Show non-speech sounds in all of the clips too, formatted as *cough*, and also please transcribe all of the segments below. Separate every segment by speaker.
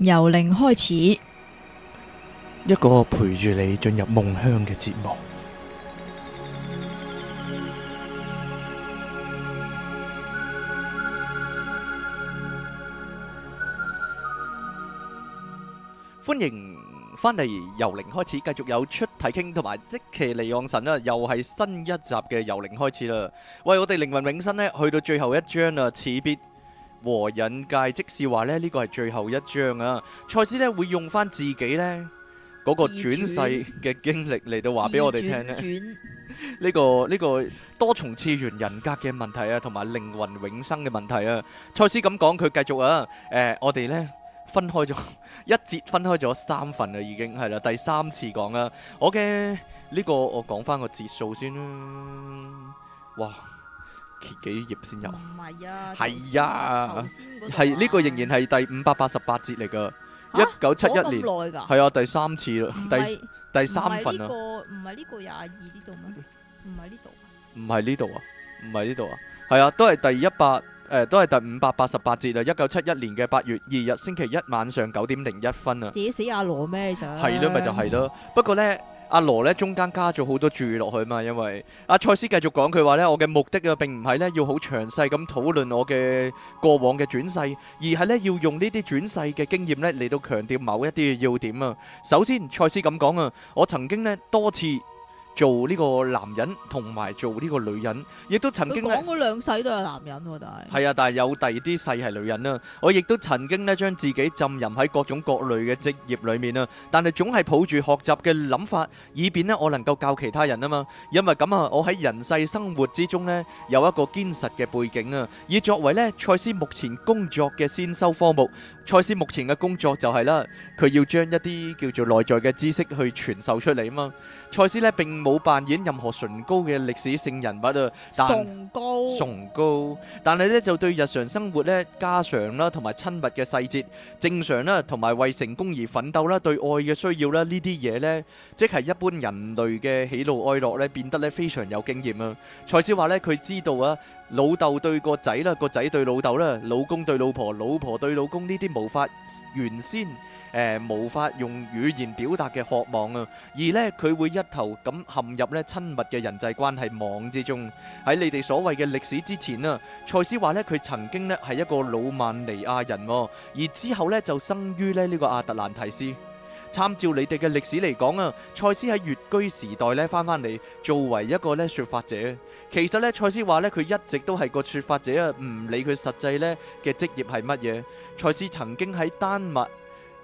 Speaker 1: 由零開始，一
Speaker 2: 個陪住你進入夢鄉嘅節目。歡迎翻嚟《由零開始》，繼續有出體傾同埋即期離岸神啦，又係新一集嘅《由零開始》啦。喂，我哋靈魂永生呢，去到最後一章啦，辭別。和引介，即呢是話咧呢個係最後一章啊！賽斯咧會用翻自己咧嗰、那個轉世嘅經歷嚟到話俾我哋聽咧，呢、 *laughs* 呢個呢、呢個多重次元人格嘅問題啊，同埋靈魂永生嘅問題啊！賽斯咁講，佢繼續啊，誒、呃，我哋咧分開咗一節，分開咗 *laughs* 三份啊，已經係啦，第三次講啦、okay, 呢個，我嘅呢個我講翻個節數先啦，哇！揭幾頁先有？唔係啊，係啊，先係呢個仍然係第五百八十八節嚟噶，一九七一年，係 1971 啊，第三次咯是，第第三份、這
Speaker 1: 個、
Speaker 2: 個 22, 啊，唔係呢個廿二呢度咩？唔係呢度，唔係呢度啊，唔係呢度啊，係啊，都係第一百誒，都係第五百八十八節啊，一九七一年嘅八月二日星期一晚上九點零一分啊，死
Speaker 1: 死阿羅咩想？係咯，咪就係咯、
Speaker 2: 啊，不過咧。阿羅咧中間加咗好多注意落去嘛，因為阿蔡斯繼續講佢話咧，我嘅目的啊，並唔係咧要好詳細咁討論我嘅過往嘅轉世，而係咧要用呢啲轉世嘅經驗咧，嚟到強調某一啲嘅要點啊。首先，蔡斯咁講啊，我曾經呢多次。做呢個男人同埋做呢個女人，亦都曾經咧，講
Speaker 1: 過兩世都係男人，但
Speaker 2: 係係啊，但係有第二啲世係女人啦。我亦都曾經咧將自己浸淫喺各種各類嘅職業裏面啦，但係總係抱住學習嘅諗法，以便咧我能夠教其他人啊嘛。因為咁啊，我喺人世生活之中咧有一個堅實嘅背景啊，而作為咧賽斯目前工作嘅先修科目。賽斯目前嘅工作就係啦，佢要將一啲叫做內在嘅知識去傳授出嚟啊嘛。賽斯咧並冇。冇扮演任何崇高嘅歷史性人物啊，崇高崇高，但係咧就對日常生活咧家常啦，同埋親密嘅細節，正常啦，同埋為成功而奮鬥啦，對愛嘅需要啦，呢啲嘢咧，即係一般人類嘅喜怒哀樂咧，變得咧非常有經驗啊！賽斯話咧，佢知道啊，老豆對個仔啦，個仔對老豆啦，老公對老婆，老婆對老公呢啲，無法原先。誒、呃，無法用語言表達嘅渴望啊！而咧，佢會一頭咁陷入咧親密嘅人際關係網之中。喺你哋所謂嘅歷史之前啊，塞斯話咧，佢曾經咧係一個魯曼尼亞人，而之後咧就生於咧呢個阿特蘭提斯。參照你哋嘅歷史嚟講啊，塞斯喺越居時代咧翻翻嚟，作為一個咧說法者。其實咧，塞斯話咧，佢一直都係個說法者啊，唔理佢實際咧嘅職業係乜嘢。塞斯曾經喺丹麥。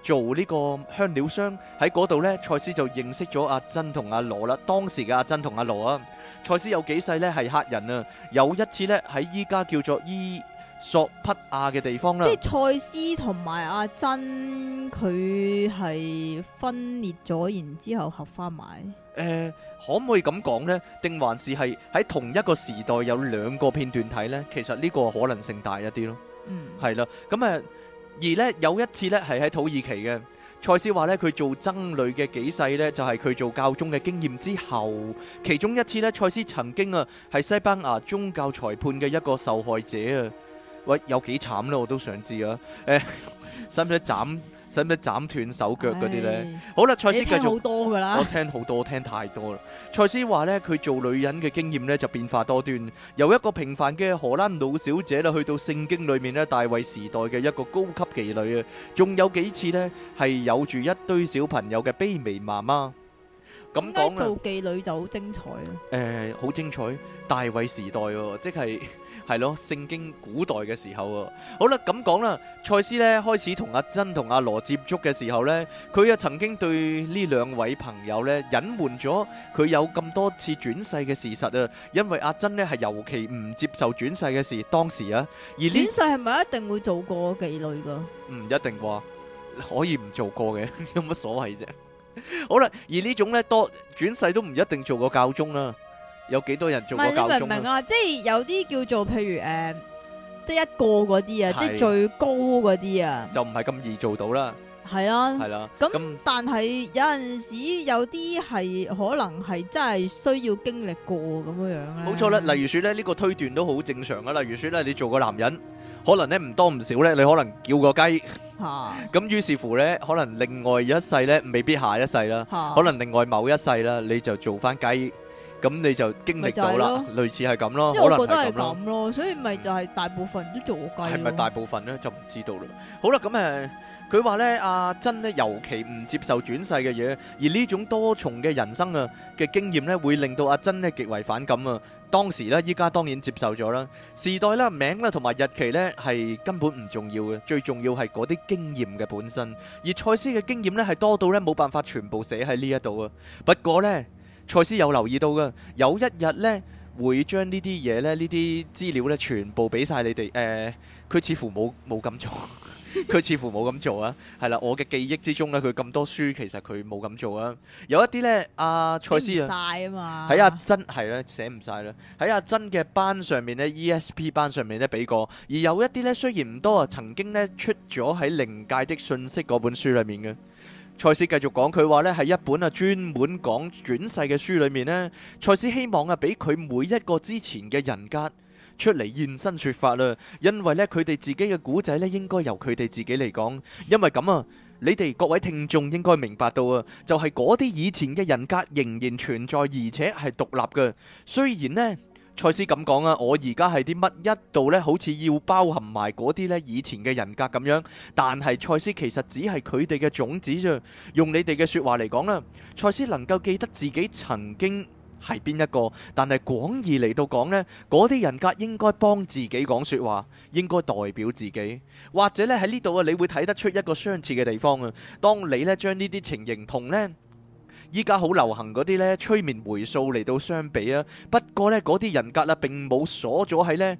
Speaker 2: 做呢個香料商喺嗰度呢，蔡司就認識咗阿珍同阿羅啦。當時嘅阿珍同阿羅啊，蔡司有幾世呢係黑人啊。有一次呢，喺依家叫做伊索匹亞嘅地方呢，即係
Speaker 1: 蔡司同埋阿珍，佢係分裂咗，然之後合返埋。
Speaker 2: 誒、呃，可唔可以咁講呢？定還是係喺同一個時代有兩個片段體呢？其實呢個可能性大一啲咯嗯。嗯，係啦，咁誒。而咧，有一次咧，係喺土耳其嘅，賽斯話咧佢做僧侶嘅幾世咧，就係、是、佢做教宗嘅經驗之後，其中一次咧，賽斯曾經啊係西班牙宗教裁判嘅一個受害者啊，喂，有幾慘咧？我都想知啊，誒，使唔使斬？ *laughs* *laughs* 使唔使斬斷手腳嗰啲咧？好啦，賽斯繼續。好多㗎啦。我聽好多，聽太多啦。賽斯話咧，佢做女人嘅經驗咧就變化多端，由一個平凡嘅荷蘭老小姐啦，去到聖經裏面咧大衛時代嘅一個高級妓女啊，仲有幾次咧係有住一堆小朋友嘅卑微媽媽。咁講
Speaker 1: 做妓女就好精彩
Speaker 2: 啦。誒，好精彩！大衛時代，即係。係咯，聖經古代嘅時候啊。好啦，咁講啦，賽斯咧開始同阿珍同阿羅接觸嘅時候咧，佢啊曾經對呢兩位朋友咧隱瞞咗佢有咁多次轉世嘅事實啊。因為阿珍咧係尤其唔接受轉世嘅事，當時啊，而轉世
Speaker 1: 係咪一定會做過妓女噶？
Speaker 2: 唔一定喎，可以唔做過嘅，有乜所謂啫？好啦，而呢種咧多轉世都唔一定做過教宗啦。有幾多人做過教宗啊？
Speaker 1: 即係有啲叫做譬如誒，得一個嗰啲啊，即係最高嗰啲啊，
Speaker 2: 就唔係咁易做到啦。
Speaker 1: 係啊，係啦。咁但係有陣時有啲係可能係真係需要經歷過咁樣樣咧。冇錯啦，例
Speaker 2: 如說咧，呢個推斷都好正常噶。例如說咧，你做個男人，可能咧唔多唔少咧，你可能叫個雞。吓。咁於是乎咧，可能另外一世咧未必下一世啦，可能另外某一世啦，你就做翻雞。咁你就經歷到啦，類似係咁咯，因為我覺得係咁
Speaker 1: 咯，所以咪就係大部分都做計。係咪大
Speaker 2: 部分咧就唔知道啦？好啦，咁誒，佢話咧，阿珍咧尤其唔接受轉世嘅嘢，而呢種多重嘅人生啊嘅經驗咧，會令到阿珍咧極為反感啊。當時咧，依家當然接受咗啦。時代咧、名咧同埋日期咧係根本唔重要嘅，最重要係嗰啲經驗嘅本身。而賽斯嘅經驗咧係多到咧冇辦法全部寫喺呢一度啊。不過咧。蔡思有留意到嘅，有一日呢，會將呢啲嘢呢、呢啲資料呢，全部俾晒你哋。誒、呃，佢似乎冇冇咁做，佢 *laughs* 似乎冇咁做啊。係啦，我嘅記憶之中呢，佢咁多書，其實佢冇咁做啊。有一啲呢，阿蔡思啊，晒啊嘛。喺阿珍係咧寫唔晒啦，喺阿珍嘅班上面呢 ESP 班上面呢俾過。而有一啲呢，雖然唔多啊，曾經呢，出咗喺《靈界的訊息》嗰本書裡面嘅。蔡司繼續講，佢話呢係一本啊專門講轉世嘅書裏面呢，蔡司希望啊俾佢每一個之前嘅人格出嚟現身説法啦，因為呢，佢哋自己嘅古仔呢應該由佢哋自己嚟講，因為咁啊，你哋各位聽眾應該明白到啊，就係嗰啲以前嘅人格仍然存在，而且係獨立嘅，雖然呢。賽斯咁講啊，我而家係啲乜？一度呢好似要包含埋嗰啲咧以前嘅人格咁樣。但係賽斯其實只係佢哋嘅種子啫。用你哋嘅説話嚟講啦，賽斯能夠記得自己曾經係邊一個，但係廣義嚟到講呢，嗰啲人格應該幫自己講説話，應該代表自己，或者呢，喺呢度啊，你會睇得出一個相似嘅地方啊。當你呢將呢啲情形同呢，依家好流行嗰啲咧催眠回溯嚟到相比啊，不過呢嗰啲人格啊並冇鎖咗喺呢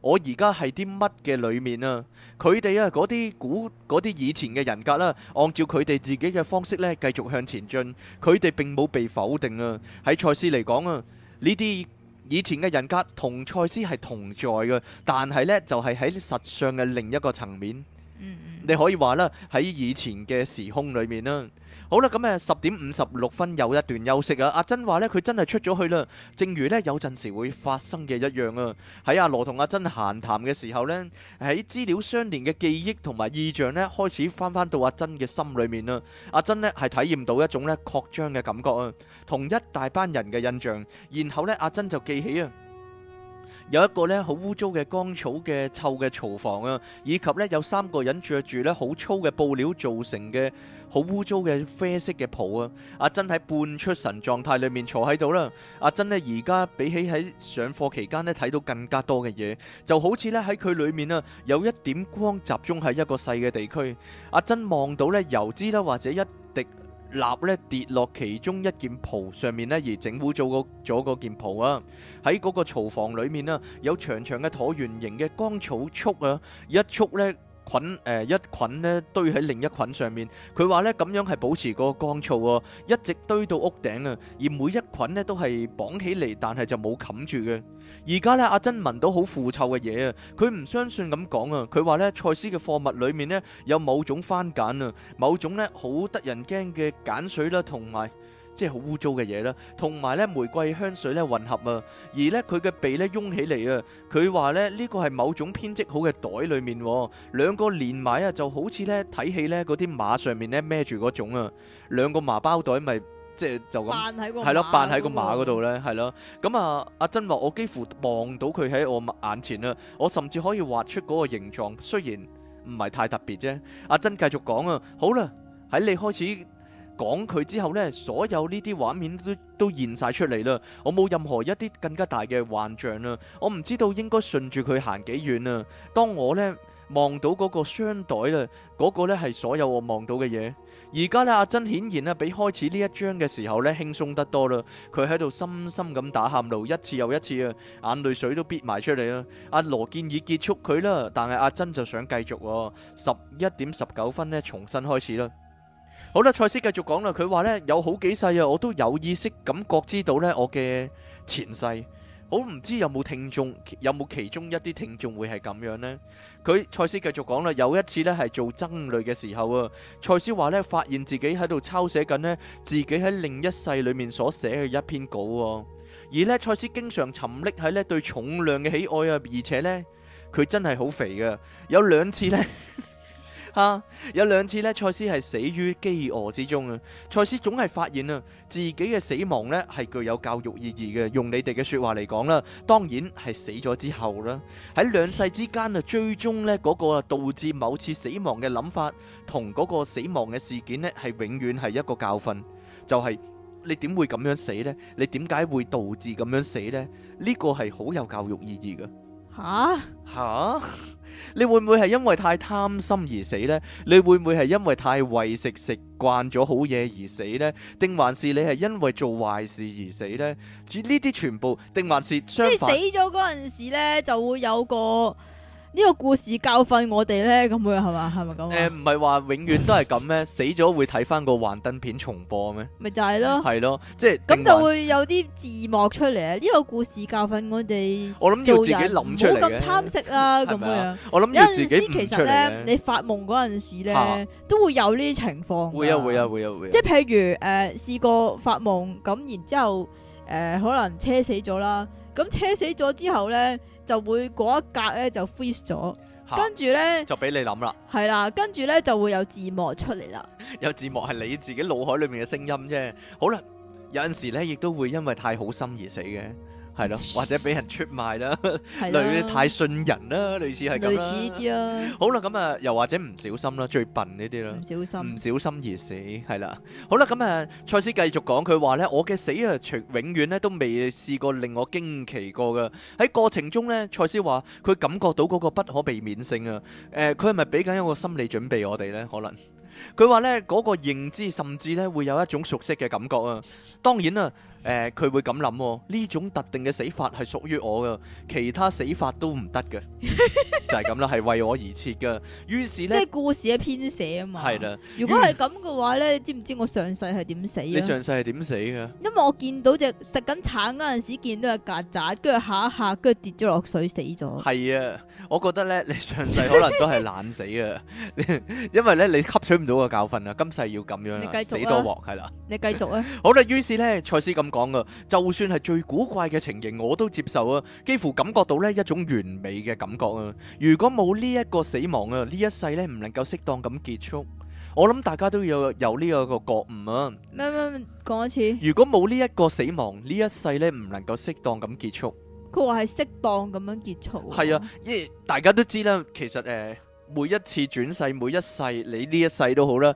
Speaker 2: 我而家係啲乜嘅裏面啊，佢哋啊嗰啲古嗰啲以前嘅人格啦，啊，按照佢哋自己嘅方式呢繼續向前進，佢哋並冇被否定啊。喺賽斯嚟講啊，呢啲以前嘅人格同賽斯係同在嘅，但係呢就係、是、喺實相嘅另一個層面，嗯嗯你可以話啦喺以前嘅時空裏面啦，啊。好啦，咁誒十點五十六分有一段休息啊。阿珍話呢，佢真係出咗去啦。正如呢有陣時會發生嘅一樣啊。喺阿羅同阿珍閒談嘅時候呢，喺資料相連嘅記憶同埋意象呢，開始返返到阿珍嘅心裏面啊。阿珍呢係體驗到一種呢擴張嘅感覺啊，同一大班人嘅印象。然後呢，阿珍就記起啊。有一個咧好污糟嘅乾草嘅臭嘅廚房啊，以及咧有三個人着住咧好粗嘅布料做成嘅好污糟嘅啡色嘅袍啊。阿珍喺半出神狀態裏面坐喺度啦。阿珍咧而家比起喺上課期間咧睇到更加多嘅嘢，就好似咧喺佢裏面啊有一點光集中喺一個細嘅地區。阿珍望到咧油脂啦，或者一滴蠟咧跌落其中一件袍上面咧，而整污糟咗件袍啊！喺嗰個廚房裏面啊，有長長嘅橢圓形嘅乾草束啊，一束咧。菌誒、呃、一菌呢堆喺另一菌上面，佢話呢咁樣係保持個乾燥喎，一直堆到屋頂啊！而每一菌呢都係綁起嚟，但係就冇冚住嘅。而家呢，阿珍聞到好腐臭嘅嘢啊！佢唔相信咁講啊！佢話呢，賽斯嘅貨物裡面呢，有某種番鹼啊，某種呢好得人驚嘅鹼水啦、啊，同埋。即係好污糟嘅嘢啦，同埋咧玫瑰香水咧混合啊，而咧佢嘅鼻咧擁起嚟啊，佢話咧呢個係某種編織好嘅袋裏面，兩個連埋啊就好似咧睇戲咧嗰啲馬上面咧孭住嗰種啊，兩個麻包袋咪即係就咁，
Speaker 1: 係咯，扮喺個馬嗰
Speaker 2: 度咧，係咯、嗯，咁啊，阿珍話我幾乎望到佢喺我眼前啊。我甚至可以畫出嗰個形狀，雖然唔係太特別啫、啊。阿珍繼續講啊，好啦，喺你開始，講佢之後咧，所有呢啲畫面都都現晒出嚟啦。我冇任何一啲更加大嘅幻象啦。我唔知道應該順住佢行幾遠啊。當我咧望到嗰個箱袋啦，嗰個咧係所有我望到嘅嘢。而家咧，阿珍顯然咧比開始呢一章嘅時候咧輕鬆得多啦。佢喺度深深咁打喊露，一次又一次啊，眼淚水都逼埋出嚟啦。阿羅建議結束佢啦，但係阿珍就想繼續。十一點十九分咧，重新開始啦。好啦，蔡司繼續講啦，佢話咧有好幾世啊，我都有意識感覺知道咧我嘅前世，好唔知有冇聽眾有冇其中一啲聽眾會係咁樣咧？佢蔡司繼續講啦，有一次咧係做僧侶嘅時候啊，蔡司話咧發現自己喺度抄寫緊咧自己喺另一世裏面所寫嘅一篇稿，而咧蔡司經常沉溺喺咧對重量嘅喜愛啊，而且咧佢真係好肥㗎，有兩次咧。吓，有兩次咧，賽斯係死於飢餓之中啊！賽斯總係發現啊，自己嘅死亡咧係具有教育意義嘅。用你哋嘅說話嚟講啦，當然係死咗之後啦，喺兩世之間啊，最終咧嗰個導致某次死亡嘅諗法，同嗰個死亡嘅事件咧係永遠係一個教訓。就係你點會咁樣死呢？你點解會導致咁樣死呢？呢個係好有教育意義噶。吓吓。你會唔會係因為太貪心而死呢？你會唔會係因為太為食食慣咗好嘢而死呢？定還是你係因為做壞事而死呢？呢啲全部定還是？即係死
Speaker 1: 咗嗰陣時呢，就會有個。呢個故事教訓我哋咧，咁樣，係嘛，係咪咁？誒，
Speaker 2: 唔係話永遠都係咁咩？死咗會睇翻個幻燈片重播咩？
Speaker 1: 咪就係咯，係
Speaker 2: 咯，即係咁就會
Speaker 1: 有啲字幕出嚟。呢個故事教訓我哋，我諗要自己諗出嚟，冇咁貪食啦。咁樣，我諗有陣時其實咧，你發夢嗰陣時咧，都會有呢啲情
Speaker 2: 況。會有，會有，會有，會。即係譬
Speaker 1: 如誒，試過發夢咁，然之後誒，可能車死咗啦。咁車死咗之後咧。就會嗰一格咧就 freeze 咗，跟住咧
Speaker 2: 就俾你諗啦，
Speaker 1: 係啦，跟住咧就會有字幕出嚟啦。
Speaker 2: *laughs* 有字幕係你自己腦海裏面嘅聲音啫。好啦，有陣時咧亦都會因為太好心而死嘅。係咯，或者俾人出賣啦的， *laughs* 類似太信人啦，類似係咁好啦，咁啊，又或者唔小心啦，最笨呢啲啦，唔小心，唔小心而死，係啦。好啦，咁啊，蔡司繼續講，佢話咧，我嘅死啊，永遠咧都未試過令我驚奇過噶。喺過程中咧，蔡司話佢感覺到嗰個不可避免性啊。誒、呃，佢係咪俾緊一個心理準備我哋咧？可能佢話咧嗰個認知甚至咧會有一種熟悉嘅感覺啊。當然啊。誒，佢、呃、會咁諗，哦，呢種特定嘅死法係屬於我噶其他死法都唔得嘅， *laughs* 就係咁啦，係為我而設噶。於是咧，即係
Speaker 1: 故事嘅編寫啊嘛。係啦，如果係咁嘅話咧，你知唔知我上世係點死？你上
Speaker 2: 世係點死噶？
Speaker 1: 因為我見到只食緊橙嗰陣時，見到個曱甴，跟住吓一吓，跟住跌咗落水死咗。係
Speaker 2: 啊， *laughs* 我覺得咧，你上世可能都係懶死啊， *laughs* *laughs* 因為咧你吸取唔到個教訓啊，今世要咁樣，死多鑊係啦。
Speaker 1: 你繼續啊。
Speaker 2: 好啦，於是咧，賽斯咁講啊，就算係最古怪嘅情形，我都接受啊！幾乎感覺到呢一種完美嘅感覺啊！如果冇呢一個死亡啊，呢一世呢唔能夠適當咁結束。我諗大家都要有呢一個覺悟
Speaker 1: 啊！咩咩講一次？
Speaker 2: 如果冇呢一個死亡，呢一世呢唔能夠適當咁結束。
Speaker 1: 佢話係適當咁樣結束。係啊，因
Speaker 2: 為大家都知啦，其實誒，每一次轉世，每一世，你呢一世都好啦。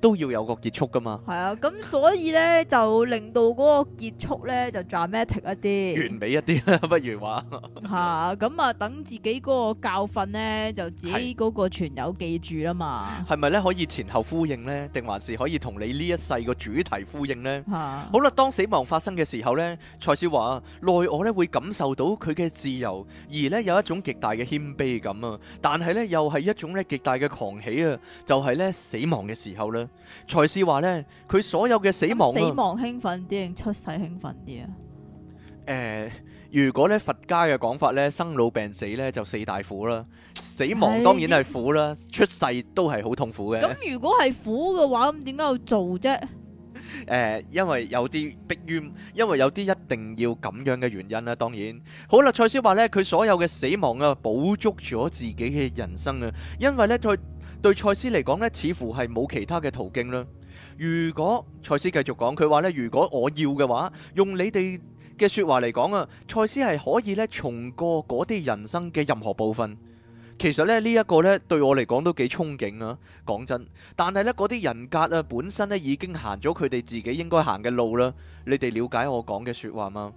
Speaker 2: 都要有個結束噶嘛？
Speaker 1: 係啊，咁所以呢，就令到嗰個結束呢，就 dramatic 一啲，完
Speaker 2: 美一啲啦， *laughs* 不如話
Speaker 1: 嚇咁啊，等自己嗰個教訓呢，就自己嗰個存有記住啦嘛。
Speaker 2: 係咪呢？是是可以前後呼應呢？定還是可以同你呢一世個主題呼應呢？啊、好啦，當死亡發生嘅時候呢，賽斯話內我呢會感受到佢嘅自由，而呢有一種極大嘅謙卑感啊，但係呢，又係一種呢極大嘅狂喜啊，就係、是、呢死亡嘅時候呢。賽斯話咧，佢所有嘅死亡，死
Speaker 1: 亡興奮啲定出世興奮啲
Speaker 2: 啊？誒、呃，如果咧佛家嘅講法咧，生老病死咧就四大苦啦，死亡當然係苦啦， *laughs* 出世都係好痛苦嘅。咁 *laughs*
Speaker 1: 如果係苦嘅話，咁點解要做啫？
Speaker 2: 誒、 *laughs* 呃，因為有啲逼於，因為有啲一定要咁樣嘅原因啦、啊。當然，好啦，賽斯話咧，佢所有嘅死亡啊，補足咗自己嘅人生啊，因為咧佢。對賽斯嚟講呢，似乎係冇其他嘅途徑啦。如果賽斯繼續講，佢話咧，如果我要嘅話，用你哋嘅說話嚟講啊，賽斯係可以咧，重過嗰啲人生嘅任何部分。其實咧呢一個咧，對我嚟講都幾憧憬啊。講真，但係呢，嗰啲人格啊，本身咧已經行咗佢哋自己應該行嘅路啦。你哋了解我講嘅說話嗎？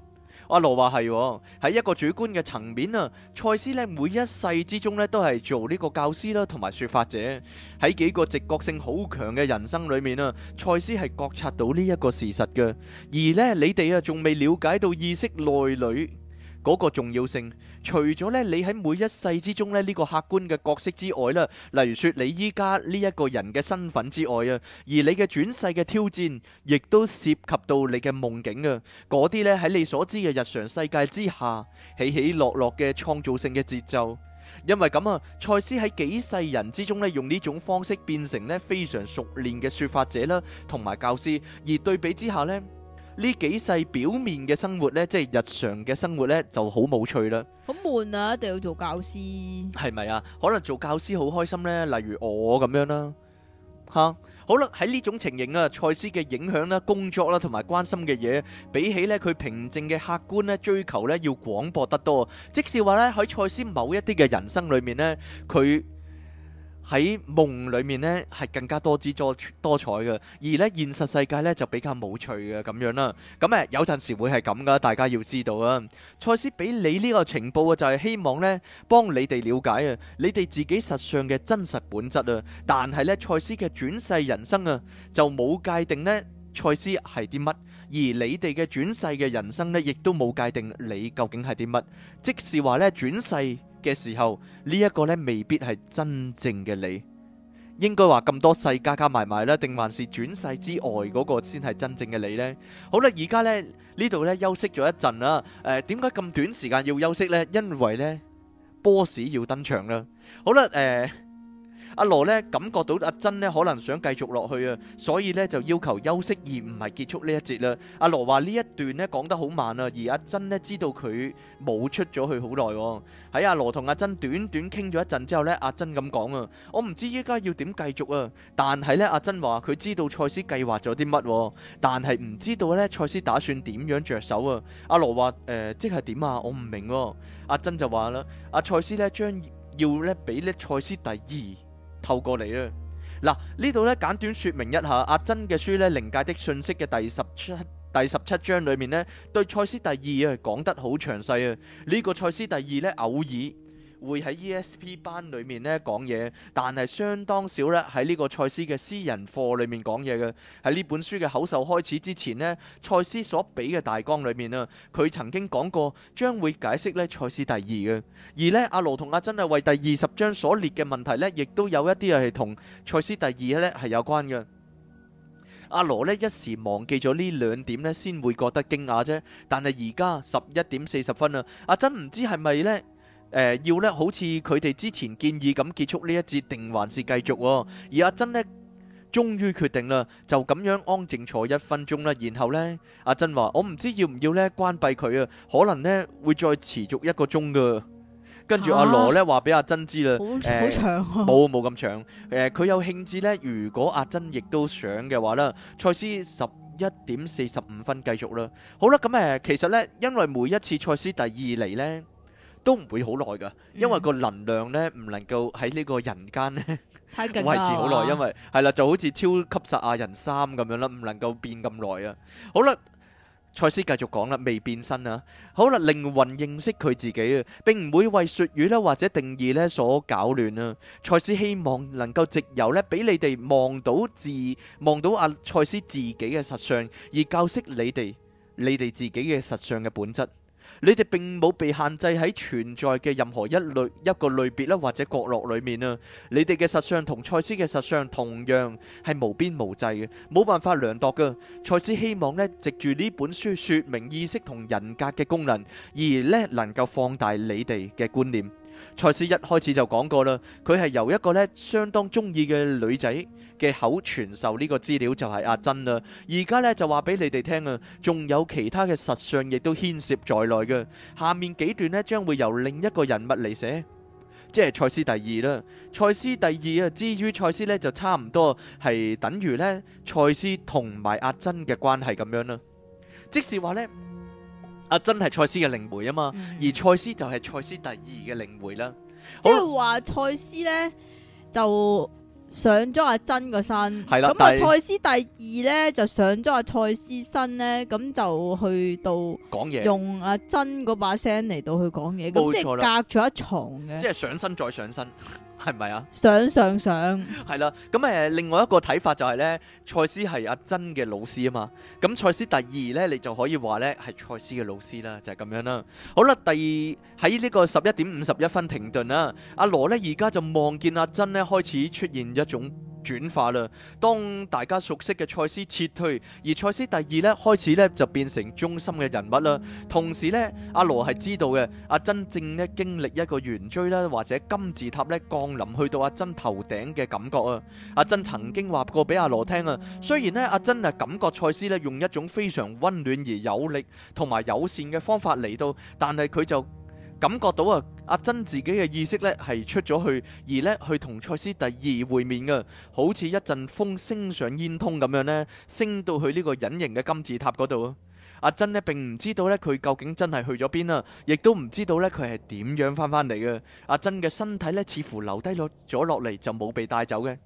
Speaker 2: 阿羅話係喺一個主觀嘅層面啊，賽斯咧每一世之中咧都係做呢個教師啦，同埋說法者。喺幾個直覺性好強嘅人生裏面啊，賽斯係覺察到呢一個事實嘅，而呢，你哋啊仲未了解到意識內裏。嗰個重要性，除咗咧，你喺每一世之中咧呢個客觀嘅角色之外啦，例如說你依家呢一個人嘅身份之外啊，而你嘅轉世嘅挑戰，亦都涉及到你嘅夢境啊，嗰啲咧喺你所知嘅日常世界之下，起起落落嘅創造性嘅節奏。因為咁啊，賽斯喺幾世人之中咧，用呢種方式變成咧非常熟練嘅説法者啦，同埋教師。而對比之下呢。呢幾世表面嘅生活咧，即係日常嘅生活咧，就好冇趣啦，
Speaker 1: 好悶啊！一定要做教師，
Speaker 2: 係咪啊？可能做教師好開心咧，例如我咁樣啦，吓好啦。喺呢種情形啊，賽斯嘅影響啦、工作啦同埋關心嘅嘢，比起咧佢平靜嘅客觀咧追求咧，要廣博得多。即使話咧喺賽斯某一啲嘅人生裏面咧，佢。喺夢裏面呢係更加多姿多彩嘅，而呢現實世界呢就比較冇趣嘅咁樣啦。咁誒有陣時會係咁噶，大家要知道啊。賽斯俾你呢個情報啊，就係、是、希望呢幫你哋了解啊，你哋自己實相嘅真實本質啊。但係呢，賽斯嘅轉世人生啊，就冇界定呢賽斯係啲乜，而你哋嘅轉世嘅人生呢，亦都冇界定你究竟係啲乜。即是話呢，轉世。嘅時候、這個、呢一個咧未必係真正嘅你，應該話咁多世加加埋埋咧，定還是轉世之外嗰個先係真正嘅你呢？好啦，而家咧呢度咧休息咗一陣啦。誒、呃，點解咁短時間要休息呢？因為呢 boss 要登場啦。好啦，誒、呃。阿羅咧感覺到阿珍咧可能想繼續落去啊，所以咧就要求休息而唔係結束呢一節啦。阿羅話呢一段咧講得好慢啊，而阿珍咧知道佢冇出咗去好耐喎。喺阿羅同阿珍短短傾咗一陣之後咧，阿珍咁講啊，我唔知依家要點繼續啊。但係咧，阿珍話佢知道賽斯計劃咗啲乜，但係唔知道咧賽斯打算點樣着手啊。阿羅話誒、呃、即係點啊？我唔明、啊。阿珍就話啦，阿、啊、賽斯咧將要咧俾咧賽斯第二。透過嚟啊！嗱，呢度咧簡短説明一下阿珍嘅書咧，《靈界的信息》嘅第十七第十七章裏面咧，對賽斯第二啊講得好詳細啊！呢個賽斯第二咧，偶爾。會喺 ESP 班裏面咧講嘢，但係相當少呢，喺呢個賽斯嘅私人課裏面講嘢嘅。喺呢本書嘅口授開始之前呢，賽斯所俾嘅大綱裏面啦，佢曾經講過將會解釋咧賽斯第二嘅。而呢，阿羅同阿珍係為第二十章所列嘅問題呢，亦都有一啲係同賽斯第二咧係有關嘅。阿羅呢，一時忘記咗呢兩點呢，先會覺得驚訝啫。但係而家十一點四十分啦，阿珍唔知係咪呢。誒，要呢好似佢哋之前建議咁結束呢一節，定還是繼續？而阿珍呢，終於決定啦，就咁樣安靜坐一分鐘啦。然後呢，阿珍話：我唔知要唔要呢關閉佢啊，可能呢會再持續一個鐘噶。跟住阿羅呢話俾阿珍知啦。好長啊！冇冇咁長。誒，佢有興致呢，如果阿珍亦都想嘅話呢，賽斯十一點四十五分繼續啦。好啦，咁誒，其實呢，因為每一次賽斯第二嚟呢。都唔會好耐噶，因為個能量咧唔能夠喺呢個人間咧維持好耐，因為係啦，就好似超級撒亞人三咁樣啦，唔能夠變咁耐啊。好啦，賽斯繼續講啦，未變身啊。好啦，靈魂認識佢自己啊，並唔會為術語咧或者定義咧所搞亂啊。賽斯希望能夠藉由咧俾你哋望到自，望到阿賽斯自己嘅實相，而教識你哋你哋自己嘅實相嘅本質。你哋並冇被限制喺存在嘅任何一類一個類別啦，或者角落裏面啊。你哋嘅實相同賽斯嘅實相同樣係無邊無際嘅，冇辦法量度噶。賽斯希望咧，藉住呢本書說明意識同人格嘅功能，而咧能夠放大你哋嘅觀念。蔡斯一開始就講過啦，佢係由一個呢相當中意嘅女仔嘅口傳授呢個資料，就係阿珍啦。而家呢，就話俾你哋聽啊，仲有其他嘅實相，亦都牽涉在內嘅。下面幾段呢，將會由另一個人物嚟寫，即係蔡斯第二啦。蔡斯第二啊，之於蔡斯呢，就差唔多係等於呢蔡斯同埋阿珍嘅關係咁樣啦，即是話呢。阿珍係蔡思嘅靈媒啊嘛，而蔡思就係蔡思第二嘅靈媒啦。即係
Speaker 1: 話蔡思咧就上咗阿珍個身，係啦的。咁啊蔡思第二咧就上咗阿蔡思身咧，咁就去到講嘢，用阿珍嗰把聲嚟到去講嘢，咁即係隔咗一床嘅，即
Speaker 2: 係上身再上身。係咪啊？上
Speaker 1: 上上，
Speaker 2: 係啦。咁誒、嗯，另外一個睇法就係、是、呢，賽斯係阿珍嘅老師啊嘛。咁、嗯、賽斯第二呢，你就可以話呢係賽斯嘅老師啦，就係、是、咁樣啦。好啦，第二，喺呢個十一點五十一分停頓啦。阿羅呢，而家就望見阿珍呢開始出現一種轉化啦。當大家熟悉嘅賽斯撤退，而賽斯第二呢開始呢就變成中心嘅人物啦。同時呢，阿羅係知道嘅，阿珍正呢經歷一個圓錐啦，或者金字塔呢降淋去到阿珍頭頂嘅感覺啊！阿珍曾經話過俾阿羅聽啊，雖然咧阿珍啊感覺賽斯咧用一種非常溫暖而有力同埋友善嘅方法嚟到，但係佢就感覺到啊，阿珍自己嘅意識咧係出咗去，而咧去同賽斯第二會面噶，好似一陣風升上煙囪咁樣咧，升到去呢個隱形嘅金字塔嗰度啊。阿珍呢並唔知道呢佢究竟真係去咗邊啊，亦都唔知道呢佢係點樣返返嚟嘅。阿珍嘅身體呢似乎留低咗，咗落嚟就冇被帶走嘅。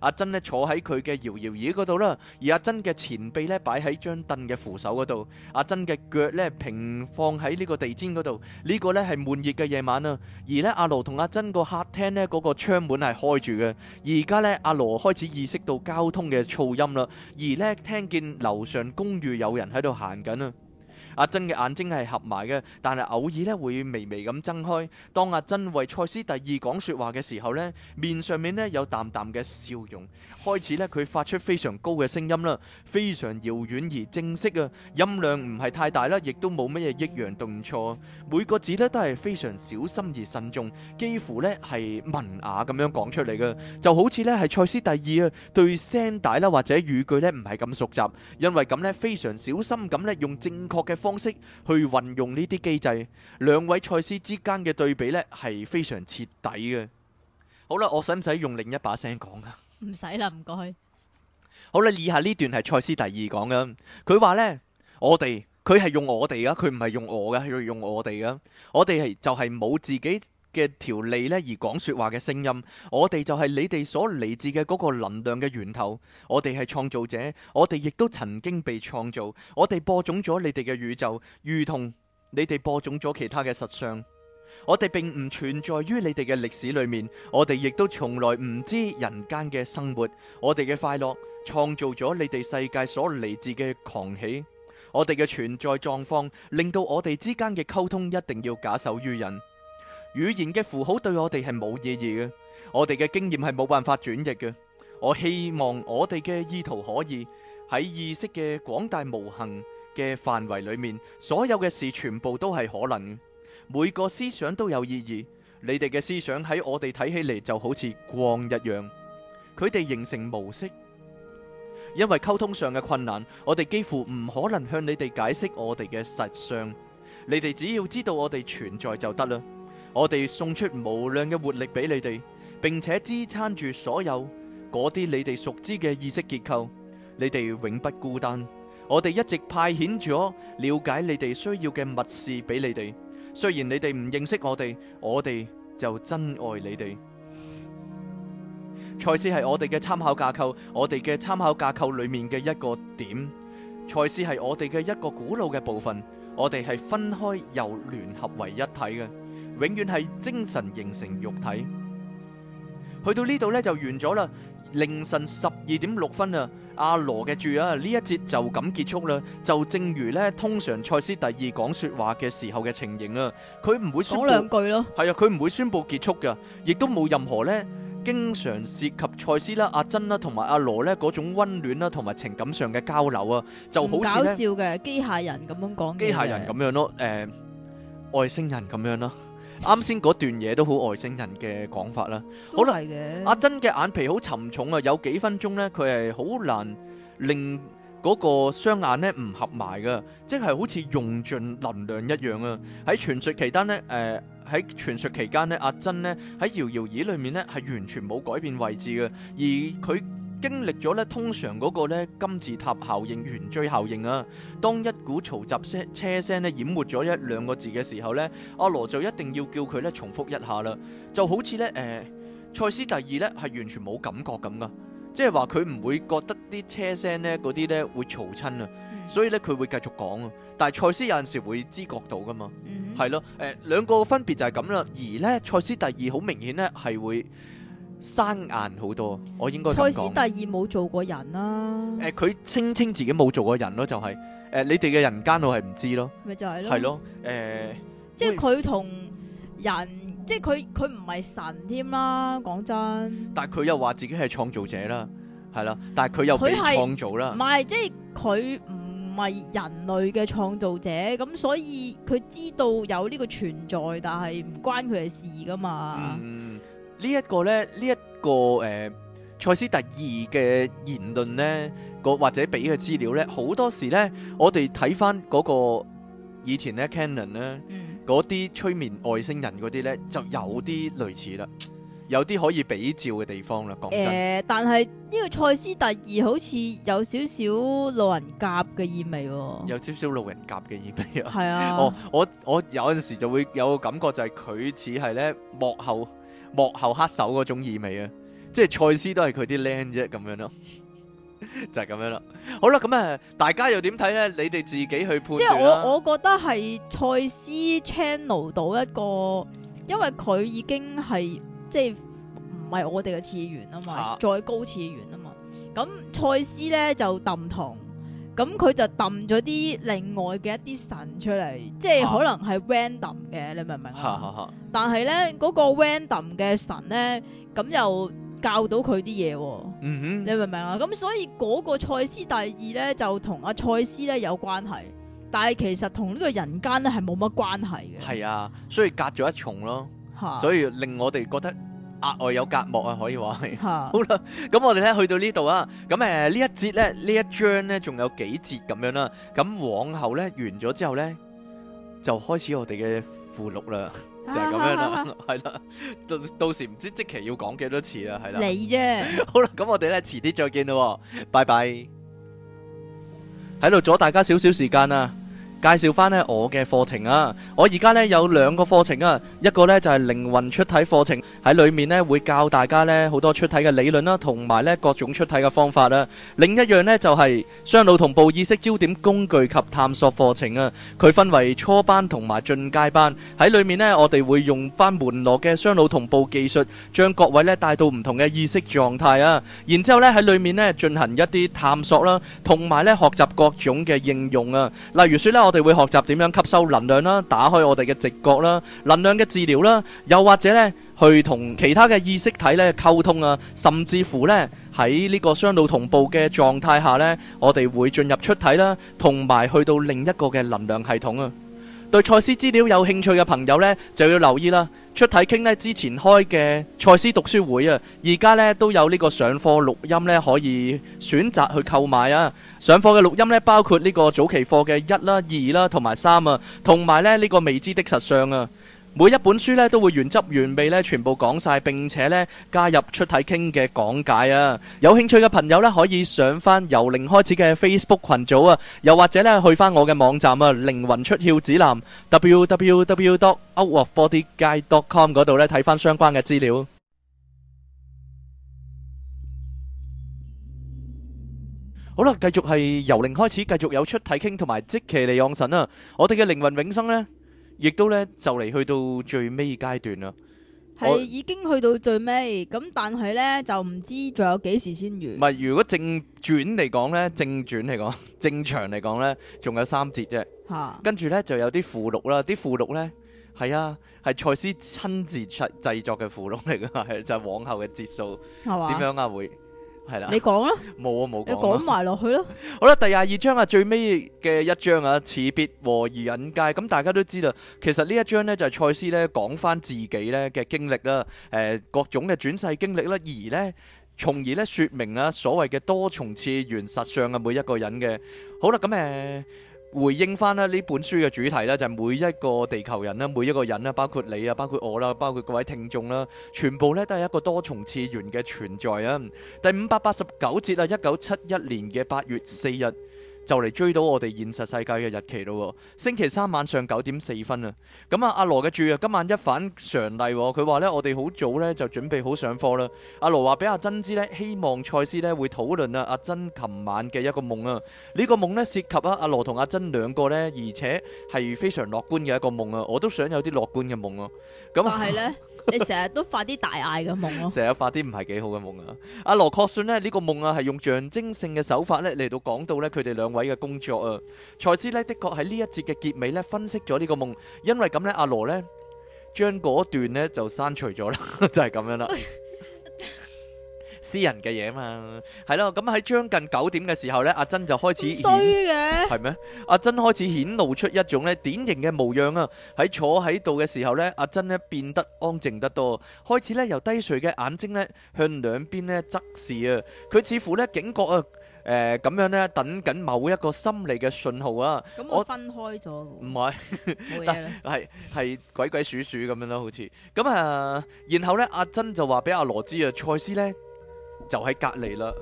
Speaker 2: 阿珍咧坐喺佢嘅搖搖椅嗰度啦，而阿珍嘅前臂咧擺喺張凳嘅扶手嗰度，阿珍嘅腳咧平放喺呢個地氈嗰度。呢個咧係悶熱嘅夜晚啦，而咧阿羅同阿珍個客廳咧嗰個窗門係開住嘅，而家咧阿羅開始意識到交通嘅噪音啦，而咧聽見樓上公寓有人喺度行緊啊。阿珍嘅眼睛係合埋嘅，但係偶爾咧會微微咁睜開。當阿珍為賽斯第二講說話嘅時候咧，面上面咧有淡淡嘅笑容。開始咧佢發出非常高嘅聲音啦，非常遙遠而正式啊，音量唔係太大啦，亦都冇乜嘢抑揚頓挫。每個字咧都係非常小心而慎重，幾乎咧係文雅咁樣講出嚟嘅，就好似咧係賽斯第二啊對聲帶啦或者語句咧唔係咁熟習，因為咁咧非常小心咁咧用正確嘅方式去運用呢啲機制，兩位賽斯之間嘅對比呢係非常徹底嘅。好啦，我使唔使用另一把聲講啊？
Speaker 1: 唔使啦，唔該。
Speaker 2: 好啦，以下呢段係賽斯第二講噶，佢話呢：我我我我「我哋，佢係用我哋噶，佢唔係用我嘅，係用用我哋噶，我哋係就係冇自己。嘅條理咧而講說話嘅聲音，我哋就係你哋所嚟自嘅嗰個能量嘅源頭，我哋係創造者，我哋亦都曾經被創造，我哋播種咗你哋嘅宇宙，如同你哋播種咗其他嘅實相，我哋並唔存在於你哋嘅歷史裏面，我哋亦都從來唔知人間嘅生活，我哋嘅快樂創造咗你哋世界所嚟自嘅狂喜，我哋嘅存在狀況令到我哋之間嘅溝通一定要假手於人。語言嘅符號對我哋係冇意義嘅，我哋嘅經驗係冇辦法轉譯嘅。我希望我哋嘅意圖可以喺意識嘅廣大無垠嘅範圍裏面，所有嘅事全部都係可能。每個思想都有意義。你哋嘅思想喺我哋睇起嚟就好似光一樣，佢哋形成模式。因為溝通上嘅困難，我哋幾乎唔可能向你哋解釋我哋嘅實相。你哋只要知道我哋存在就得啦。我哋送出無量嘅活力俾你哋，並且支撐住所有嗰啲你哋熟知嘅意識結構。你哋永不孤單。我哋一直派遣咗了了解你哋需要嘅物事俾你哋。雖然你哋唔認識我哋，我哋就真愛你哋。賽斯係我哋嘅參考架構，我哋嘅參考架構裏面嘅一個點。賽斯係我哋嘅一個古老嘅部分。我哋係分開又聯合為一體嘅。永遠係精神形成肉體，去到呢度咧就完咗啦。凌晨十二點六分啊，阿羅嘅住啊，呢一節就咁結束啦。就正如咧，通常賽斯第二講說話嘅時候嘅情形啊，佢唔會講兩句咯。係啊，佢唔會宣布結束噶，亦都冇任何咧，經常涉及賽斯啦、阿珍啦同埋阿羅咧嗰種溫暖啦同埋情感上嘅交流啊，就好搞笑
Speaker 1: 嘅機械人咁樣講嘅，機械人
Speaker 2: 咁樣咯，誒，外星人咁樣咯。啱先嗰段嘢都好外星人嘅講法啦，好啦，阿珍嘅眼皮好沉重啊，有幾分鐘咧佢係好難令嗰個雙眼咧唔合埋㗎，即係好似用盡能量一樣啊！喺傳説期間咧，誒、呃、喺傳説期間咧，阿珍咧喺搖搖椅裏面咧係完全冇改變位置嘅，而佢，經歷咗咧，通常嗰個咧金字塔效應、圓錐效應啊，當一股嘈雜聲車聲咧淹沒咗一兩個字嘅時候咧，阿、啊、羅就一定要叫佢咧重複一下啦，就好似咧誒賽斯第二咧係完全冇感覺咁噶，即係話佢唔會覺得啲車聲咧嗰啲咧會嘈親啊，嗯、所以咧佢會繼續講啊，但係賽斯有陣時會知覺到噶嘛，係咯誒兩個分別就係咁啦，而咧賽斯第二好明顯咧係會。生硬好多，我應該賽斯第
Speaker 1: 二冇做過人啦、啊。誒、呃，
Speaker 2: 佢清清自己冇做過人咯，就係、是、誒、呃，你哋嘅人間我係唔知咯。
Speaker 1: 咪就係咯，係咯，誒、呃，即係佢同人，為即係佢佢唔係神添啦，講真。
Speaker 2: 但係佢又話自己係創造者啦，係啦，但係佢又被創造啦。唔
Speaker 1: 係，即係佢唔係人類嘅創造者，咁所以佢知道有呢個存在，但係唔關佢嘅事噶嘛。
Speaker 2: 嗯。呢一、這個咧，呢一個誒，賽斯特二嘅言論咧，個或者俾嘅資料咧，好多時咧，我哋睇翻嗰個以前咧 Canon 咧，嗰啲、嗯、催眠外星人嗰啲咧，就有啲類似啦，嗯、有啲可以比照嘅地方啦，講真、
Speaker 1: 呃。但係呢個賽斯特二好似有少少路人甲嘅意味喎、哦。
Speaker 2: 有少少路人甲嘅意味。係啊。啊哦、我我我有陣時就會有個感覺就，就係佢似係咧幕後。幕後黑手嗰種意味啊，即係賽斯都係佢啲僆啫，咁樣咯， *laughs* 就係咁樣咯。好啦，咁啊，大家又點睇咧？你哋自己去判。即係我，我
Speaker 1: 覺得係賽斯 channel 到一個，因為佢已經係即係唔係我哋嘅次元啊嘛，啊再高次元啊嘛。咁賽斯咧就氹糖。咁佢就揼咗啲另外嘅一啲神出嚟，即係可能係 random 嘅，啊、你明唔明啊？但係咧嗰個 random 嘅神咧，咁又教到佢啲嘢，嗯哼，你明唔明啊？咁所以嗰個賽斯第二咧就同阿賽斯咧有關係，但係其實同呢個人間咧係冇乜關係嘅。
Speaker 2: 係啊，所以隔咗一重咯，吓，所以令我哋覺得。額外有隔膜啊，可以話係。 *laughs* 好啦，咁我哋咧去到呢度啊，咁誒呢一節咧呢一章咧仲有幾節咁樣啦，咁往後咧完咗之後咧就開始我哋嘅附錄啦， *laughs* 就係咁樣啦，係啦， *laughs* *laughs* 到到時唔知即期要講幾多次啦，係啦。你啫。好啦，咁我哋咧遲啲再見咯，拜拜。喺度 *laughs* 阻大家少少時間啦！介紹翻呢我嘅課程啊！我而家呢有兩個課程啊，一個呢就係靈魂出體課程，喺裏面呢會教大家呢好多出體嘅理論啦，同埋呢各種出體嘅方法啊。另一樣呢就係雙腦同步意識焦點工具及探索課程啊，佢分為初班同埋進階班。喺裏面呢，我哋會用翻門羅嘅雙腦同步技術，將各位呢帶到唔同嘅意識狀態啊。然之後呢喺裏面呢進行一啲探索啦，同埋呢學習各種嘅應用啊，例如説啦。我哋會學習點樣吸收能量啦，打開我哋嘅直覺啦，能量嘅治療啦，又或者呢，去同其他嘅意識體呢溝通啊，甚至乎呢喺呢個雙腦同步嘅狀態下呢，我哋會進入出體啦，同埋去到另一個嘅能量系統啊。對賽斯資料有興趣嘅朋友呢，就要留意啦。出體傾咧，之前開嘅賽斯讀書會啊，而家咧都有呢個上課錄音咧，可以選擇去購買啊。上課嘅錄音咧，包括呢個早期課嘅一啦、二啦同埋三啊，同埋咧呢個未知的實相啊。每一本書咧都會原汁原味咧全部講晒，並且咧加入出體傾嘅講解啊！有興趣嘅朋友咧可以上翻由零開始嘅 Facebook 群組啊，又或者咧去翻我嘅網站啊靈魂出竅指南 w w w o u t o f b o d y g u i d e c o m 嗰度咧睇翻相關嘅資料。好啦，繼續係由零開始，繼續有出體傾同埋即其利用神啊！我哋嘅靈魂永生咧～亦都咧就嚟去到最尾階段啦，係
Speaker 1: 已經去到最尾，咁我但係咧就唔知仲有幾時先完。
Speaker 2: 唔係如果正轉嚟講咧，正轉嚟講，正常嚟講咧，仲有三節啫。嚇、啊！跟住咧就有啲附錄啦，啲附錄咧係啊係賽斯親自出製作嘅附錄嚟㗎嘛， *laughs* 就係往後嘅節數點 *laughs* 樣啊會。 *laughs* 係啦，你講啦，冇啊冇講，你講埋落去咯。 *laughs* 好啦，第廿二章啊，最尾嘅一章啊，辭別和而引介。咁、嗯、大家都知道，其實呢一章呢，就係賽斯呢講返自己呢嘅經歷啦、啊，誒、呃，各種嘅轉世經歷啦、啊，而呢，從而呢說明啊，所謂嘅多重次元實相嘅每一個人嘅。好啦，咁、嗯、誒。嗯回應翻呢本書嘅主題呢就係每一個地球人啦，每一個人啦，包括你啊，包括我啦，包括各位聽眾啦，全部呢都係一個多重次元嘅存在啊！第五百八十九節啊，一九七一年嘅八月四日。就嚟追到我哋現實世界嘅日期咯喎、哦，星期三晚上九點四分啊！咁、嗯、啊，阿羅嘅注啊，今晚一反常例、哦，佢話呢，我哋好早呢就準備好上課啦。阿、啊、羅話俾阿珍知呢，希望賽斯呢會討論啊，阿珍琴晚嘅一個夢啊，呢、這個夢呢涉及啊，阿羅同阿珍兩個呢，而且係非常樂觀嘅一個夢啊，我都想有啲樂觀嘅夢啊。咁、嗯、但係呢。
Speaker 1: *laughs* 你成日都發啲大嗌
Speaker 2: 嘅夢咯，成日發啲唔係幾好嘅夢啊！阿羅確信咧呢個夢啊係用象徵性嘅手法咧嚟到講到咧佢哋兩位嘅工作啊！賽斯咧的確喺呢一節嘅結尾咧分析咗呢個夢，因為咁咧阿羅咧將嗰段咧就刪除咗啦，就係、是、咁樣啦。 *laughs* 私人嘅嘢啊嘛，係咯，咁喺將近九點嘅時候咧，阿珍就開始，衰嘅係咩？阿珍開始顯露出一種咧典型嘅模樣啊。喺坐喺度嘅時候咧，阿珍咧變得安靜得多，開始咧由低垂嘅眼睛咧向兩邊咧側視啊。佢似乎咧警覺啊，誒咁樣咧等緊某一個心理嘅信號啊。咁我
Speaker 1: 分開咗，
Speaker 2: 唔係冇嘢啦，係係鬼鬼祟祟咁樣咯，好似咁啊。然後咧，阿珍就話俾阿羅知啊，賽斯咧。就喺隔籬啦，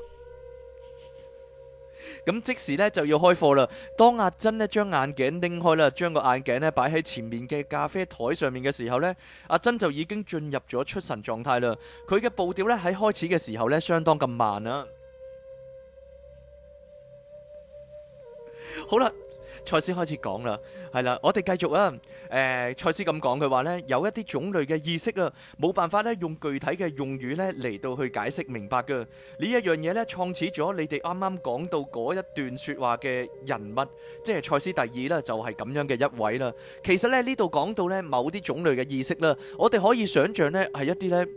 Speaker 2: 咁即時呢就要開課啦。當阿珍呢將眼鏡拎開啦，將個眼鏡呢擺喺前面嘅咖啡台上面嘅時候呢，阿珍就已經進入咗出神狀態啦。佢嘅步調呢喺開始嘅時候呢相當咁慢啦。好啦。賽斯開始講啦，係啦，我哋繼續啊。誒，賽斯咁講嘅話呢，有一啲種類嘅意識啊，冇辦法咧用具體嘅用語咧嚟到去解釋明白㗎。呢一樣嘢咧創始咗你哋啱啱講到嗰一段説話嘅人物，即係賽斯第二啦，就係咁樣嘅一位啦。其實咧呢度講到咧某啲種類嘅意識啦，我哋可以想象咧係一啲咧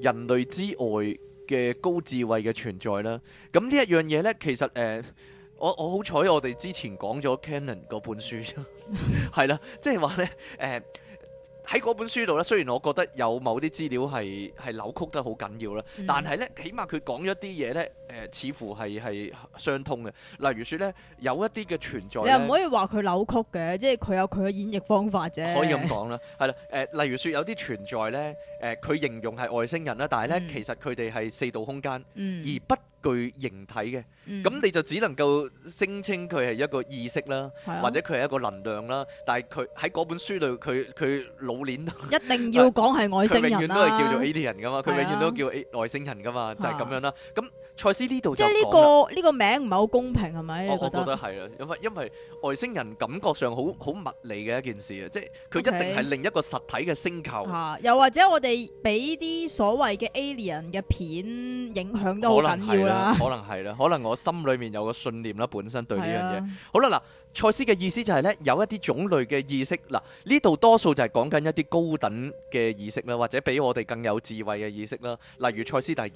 Speaker 2: 人類之外嘅高智慧嘅存在啦。咁呢一樣嘢咧，其實誒。我我好彩，我哋之前講咗 Canon 嗰本書啫，係啦，即係話咧，誒喺嗰本書度咧，雖然我覺得有某啲資料係係扭曲得好緊要啦，嗯、但係咧，起碼佢講咗啲嘢咧，誒、呃、似乎係係相通嘅。例如說咧，有一啲嘅存在，你又唔可
Speaker 1: 以話佢扭曲嘅，即係佢有佢嘅演繹方法啫。可以咁講
Speaker 2: 啦，係啦，誒、呃、例如說有啲存在咧，誒、呃、佢形容係外星人啦，但係咧、嗯、其實佢哋係四度空間，嗯、而不具形體嘅，咁、嗯、你就只能夠聲稱佢係一個意識啦，啊、或者佢係一個能量啦。但係佢喺嗰本書裏，佢佢老年一定要講係外星人、啊、永遠都係叫做 a l 人 e 噶嘛，佢、啊、永遠都叫外星人噶嘛，就係、是、咁樣啦。咁、啊。塞斯呢度即係呢、這個
Speaker 1: 呢了個名唔係好公平係咪？我覺，我覺得
Speaker 2: 係啦，因為因為外星人感覺上好好物理嘅一件事啊，即係佢一定係另一個實體嘅星球。嚇、okay
Speaker 1: 啊！又或者我哋俾啲所謂嘅 alien 嘅片影響都好緊要啦？可
Speaker 2: 能係啦，可能我心裏面有個信念啦，本身對呢樣嘢。啊、好啦，嗱。賽斯嘅意思就係咧，有一啲種類嘅意識，嗱呢度多數就係講緊一啲高等嘅意識啦，或者比我哋更有智慧嘅意識啦，例如賽斯第二。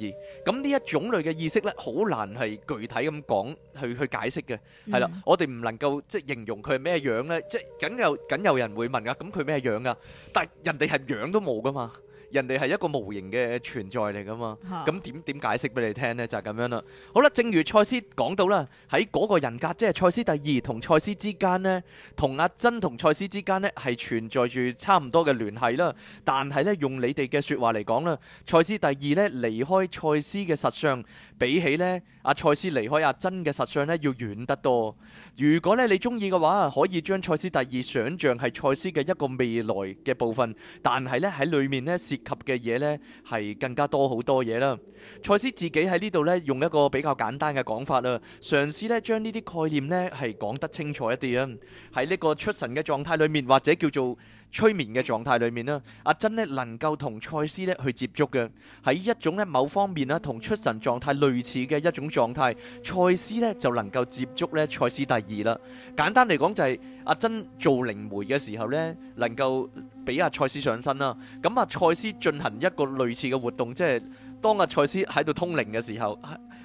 Speaker 2: 咁呢一種類嘅意識咧，好難係具體咁講去去解釋嘅，係啦，嗯、我哋唔能夠即係形容佢係咩樣咧，即係梗有梗有人會問噶，咁佢咩樣噶？但係人哋係樣都冇噶嘛。人哋係一個無形嘅存在嚟噶嘛？咁點點解釋俾你聽咧？就係咁樣啦。好啦，正如蔡司講到啦，喺嗰個人格，即係蔡司第二同蔡司之間咧，同阿珍同蔡司之間咧，係存在住差唔多嘅聯繫啦。但係咧，用你哋嘅説話嚟講啦，蔡司第二咧，離開蔡司嘅實相，比起咧阿蔡司離開阿珍嘅實相咧，要遠得多。如果咧你中意嘅話，可以將蔡司第二想象係蔡司嘅一個未來嘅部分，但係咧喺裏面咧是。及嘅嘢呢係更加多好多嘢啦。賽斯自己喺呢度呢，用一個比較簡單嘅講法啦，嘗試呢，將呢啲概念呢係講得清楚一啲啊。喺呢個出神嘅狀態裏面，或者叫做催眠嘅狀態裏面呢，阿珍呢能夠同賽斯呢去接觸嘅，喺一種呢某方面呢，同出神狀態類似嘅一種狀態，賽斯呢就能夠接觸呢。賽斯第二啦。簡單嚟講就係、是、阿珍做靈媒嘅時候呢，能夠。俾阿賽斯上身啦，咁啊賽斯進行一個類似嘅活動，即係當阿賽斯喺度通靈嘅時候，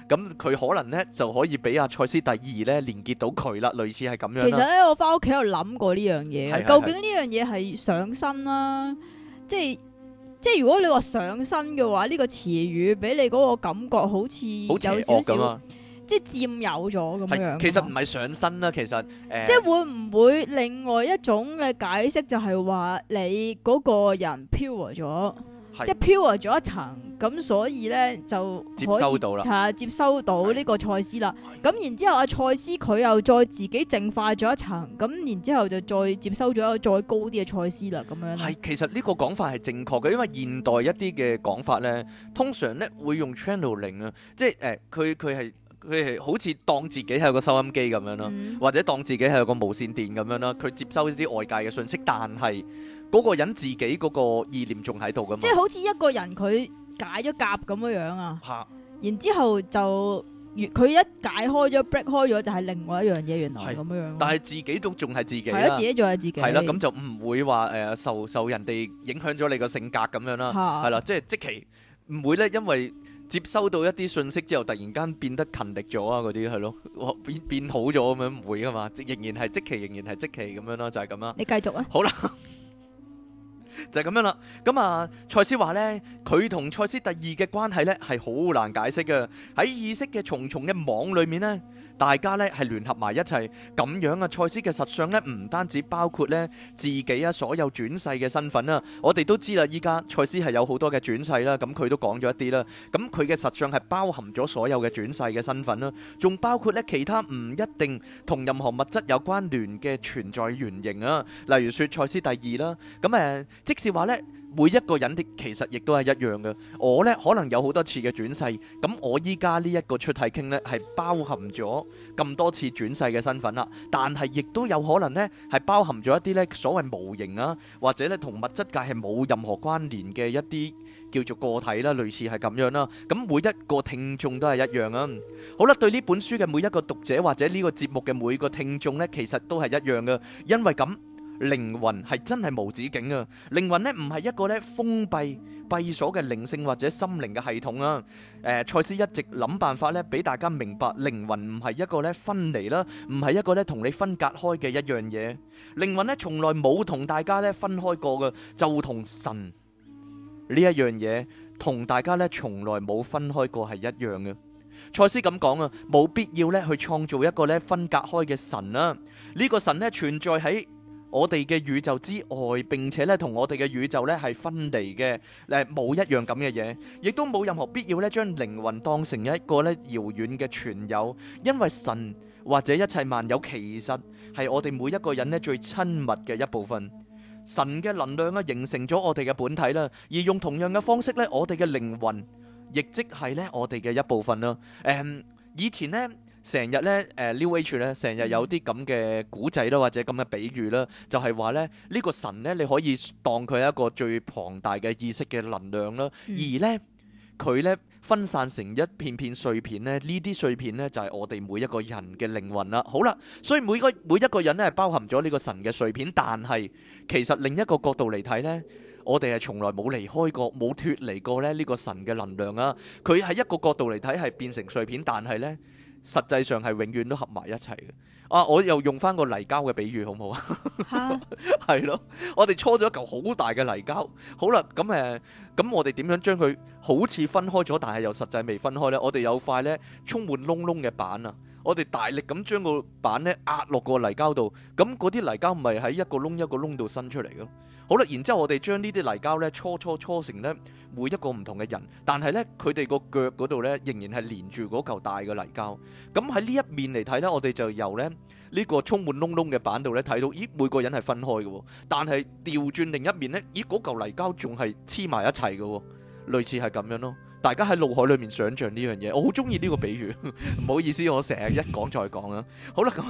Speaker 2: 咁佢可能咧就可以俾阿賽斯第二咧連結到佢啦，類似係咁樣。其實咧，
Speaker 1: 我翻屋企有諗過呢樣
Speaker 2: 嘢， *noise* 是究竟呢
Speaker 1: 樣嘢係上身啦、啊， *noise* 即係即係如果你話上身嘅話，呢、呢個詞語俾你嗰個感覺好似有少少。即係佔有咗咁樣，其
Speaker 2: 實唔係上身啦，其實誒，呃、即係
Speaker 1: 會唔會另外一種嘅解釋就係話你嗰個人 pure 咗，是即係 pure 咗一層，咁所以咧就可以接收到啦，係是接收到呢個賽斯啦。咁是然之後阿、啊、賽斯佢又再自己淨化咗一層，咁然之後就再接收咗一個再高啲嘅賽斯啦，咁樣。係，
Speaker 2: 其實呢個講法係正確嘅，因為現代一啲嘅講法咧，通常咧會用 channeling 啊，即係誒佢佢係。佢係好似當自己係個收音機咁樣咯，或者當自己係個無線電咁樣咯。佢接收啲外界嘅信息，但係嗰個人自己嗰個意念仲喺度噶嘛？即係好
Speaker 1: 似一個人佢解咗夾咁樣樣啊。係。然之後就，佢一解開咗 break 開咗就係另外一樣嘢原來係
Speaker 2: 咁樣。但係自己都仲係自己。係咯，自己仲係自己。係啦，咁就唔會話誒受受人哋影響咗你個性格咁樣啦。係啦，即係即期唔會咧，因為。接收到一啲信息之後，突然間變得勤力咗啊，嗰啲係咯，變變好咗咁樣唔會噶嘛？仍然係即期，仍然係即期咁樣咯，就係咁啦。你繼續啊。好啦。 *laughs* 就係咁樣啦，咁啊，賽斯話呢，佢同賽斯第二嘅關係呢係好難解釋嘅。喺意識嘅重重嘅網裏面呢，大家呢係聯合埋一齊咁樣啊。賽斯嘅實相呢唔單止包括呢自己啊，所有轉世嘅身份啦，我哋都知啦。而家賽斯係有好多嘅轉世啦，咁佢都講咗一啲啦。咁佢嘅實相係包含咗所有嘅轉世嘅身份啦，仲包括呢其他唔一定同任何物質有關聯嘅存在原型啊，例如説賽斯第二啦，咁誒。即是話呢，每一個人的其實亦都係一樣嘅。我呢可能有好多次嘅轉世，咁我依家呢一個出體傾呢係包含咗咁多次轉世嘅身份啦。但係亦都有可能呢係包含咗一啲呢所謂無形啊，或者呢同物質界係冇任何關聯嘅一啲叫做個體啦，類似係咁樣啦。咁每一個聽眾都係一樣啊。好啦，對呢本書嘅每一個讀者或者呢個節目嘅每個聽眾呢，其實都係一樣嘅，因為咁。靈魂係真係無止境啊！靈魂咧唔係一個咧封閉閉鎖嘅靈性或者心靈嘅系統啊！誒，賽斯一直諗辦法咧，俾大家明白靈魂唔係一個咧分離啦，唔係一個咧同你分隔開嘅一樣嘢。靈魂咧從來冇同大家咧分開過嘅，就同神呢一樣嘢同大家咧從來冇分開過係一樣嘅。賽斯咁講啊，冇必要咧去創造一個咧分隔開嘅神啊。呢個神咧存在喺，我哋嘅宇宙之外，並且咧同我哋嘅宇宙咧係分離嘅，誒、呃、冇一樣咁嘅嘢，亦都冇任何必要咧將靈魂當成一個咧遙遠嘅存有，因為神或者一切萬有其實係我哋每一個人咧最親密嘅一部分。神嘅能量啊，形成咗我哋嘅本體啦，而用同樣嘅方式咧，我哋嘅靈魂亦即係咧我哋嘅一部分啦。誒、嗯，以前呢。成日咧，誒、uh, New Age 咧，成日有啲咁嘅古仔啦，或者咁嘅比喻啦，就係話咧呢個神咧，你可以當佢係一個最龐大嘅意識嘅能量啦，而咧佢咧分散成一片片碎片咧，呢啲碎片咧就係我哋每一個人嘅靈魂啦。好啦，所以每個每一個人咧係包含咗呢個神嘅碎片，但係其實另一個角度嚟睇咧，我哋係從來冇離開過冇脫離過咧呢個神嘅能量啊。佢喺一個角度嚟睇係變成碎片，但係咧，實際上係永遠都合埋一齊嘅。啊，我又用翻個泥膠嘅比喻好唔好啊？係 *laughs* 咯， *laughs* 我哋搓咗一嚿好大嘅泥膠。好啦，咁誒，咁、呃、我哋點樣將佢好似分開咗，但係又實際未分開呢？我哋有塊咧充滿窿窿嘅板啊！我哋大力咁將個板咧壓落個泥膠度，咁嗰啲泥膠咪喺一個窿一個窿度伸出嚟嘅？好啦，然之後我哋將呢啲泥膠咧搓搓搓成咧每一個唔同嘅人，但係咧佢哋個腳嗰度咧仍然係連住嗰嚿大嘅泥膠。咁喺呢一面嚟睇咧，我哋就由咧呢個充滿窿窿嘅板度咧睇到，咦每個人係分開嘅，但係調轉另一面咧，咦嗰嚿泥膠仲係黐埋一齊嘅，類似係咁樣咯。大家喺腦海裡面想像呢樣嘢，我好中意呢個比喻。唔好意思，我成日一講再講啊。好啦，咁。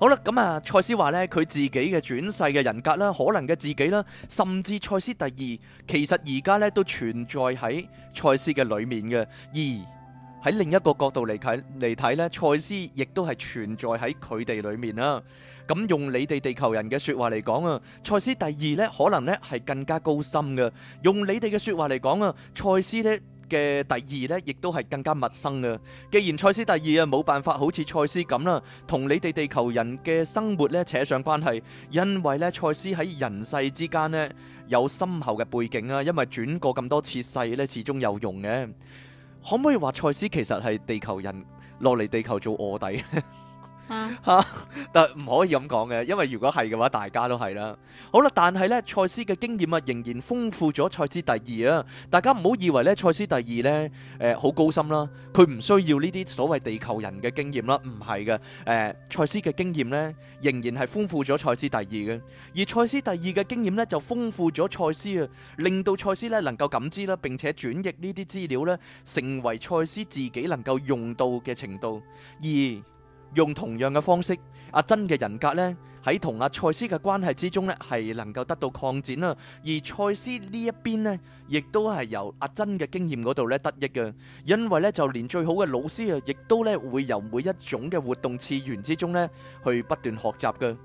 Speaker 2: 好啦，咁啊，賽斯話咧，佢自己嘅轉世嘅人格啦，可能嘅自己啦，甚至賽斯第二，其實而家咧都存在喺賽斯嘅裏面嘅，而喺另一個角度嚟睇嚟睇咧，賽斯亦都係存在喺佢哋裏面啦。咁用你哋地球人嘅說話嚟講啊，賽斯第二咧可能咧係更加高深嘅。用你哋嘅說話嚟講啊，賽斯咧。嘅第二咧，亦都係更加陌生嘅。既然賽斯第二啊，冇辦法好似賽斯咁啦，同你哋地球人嘅生活咧扯上關係。因為咧，賽斯喺人世之間呢，有深厚嘅背景啊。因為轉過咁多次世咧，始終有用嘅。可唔可以話賽斯其實係地球人落嚟地球做臥底？ *laughs* 吓，但唔 *laughs* 可以咁講嘅，因為如果係嘅話，大家都係啦。好啦，但係呢賽斯嘅經驗啊，仍然豐富咗賽斯第二啊。大家唔好以為呢賽斯第二呢誒，好、呃、高深啦，佢唔需要呢啲所謂地球人嘅經驗啦，唔係嘅。誒、呃，賽斯嘅經驗呢仍然係豐富咗賽斯第二嘅。而賽斯第二嘅經驗呢，就豐富咗賽斯啊，令到賽斯呢能夠感知啦，並且轉譯呢啲資料呢，成為賽斯自己能夠用到嘅程度。而用同樣嘅方式，阿珍嘅人格咧喺同阿賽斯嘅關係之中咧，係能夠得到擴展啦。而賽斯呢一邊咧，亦都係由阿珍嘅經驗嗰度咧得益嘅。因為咧，就連最好嘅老師啊，亦都咧會由每一種嘅活動次元之中咧去不斷學習嘅。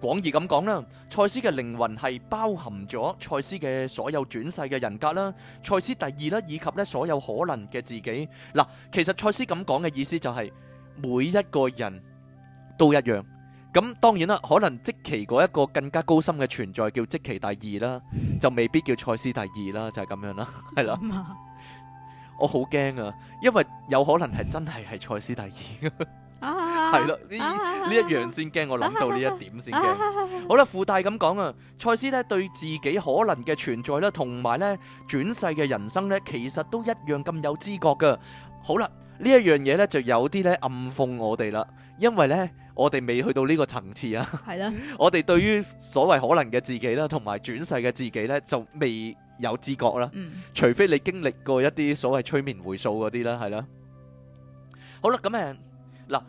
Speaker 2: 廣義咁講啦，賽斯嘅靈魂係包含咗賽斯嘅所有轉世嘅人格啦，賽斯第二啦，以及咧所有可能嘅自己。嗱，其實賽斯咁講嘅意思就係。每一個人都一樣，咁當然啦，可能即其嗰一個更加高深嘅存在叫即其第二啦，就未必叫賽斯第二啦，就係咁樣啦，係啦。我好驚啊，因為有可能係真係係賽斯第二啊，係啦呢呢一樣先驚，我諗到呢一點先驚。好啦，附帶咁講啊，賽斯呢對自己可能嘅存在呢，同埋呢轉世嘅人生呢，其實都一樣咁有知覺噶。好啦，呢一樣嘢咧就有啲咧暗諷我哋啦，因為咧我哋未去到呢個層次啊。係啦，我哋對於所謂可能嘅自己啦，同埋轉世嘅自己咧，就未有知覺啦。嗯、除非你經歷過一啲所謂催眠回溯嗰啲啦，係啦。好啦，咁誒嗱。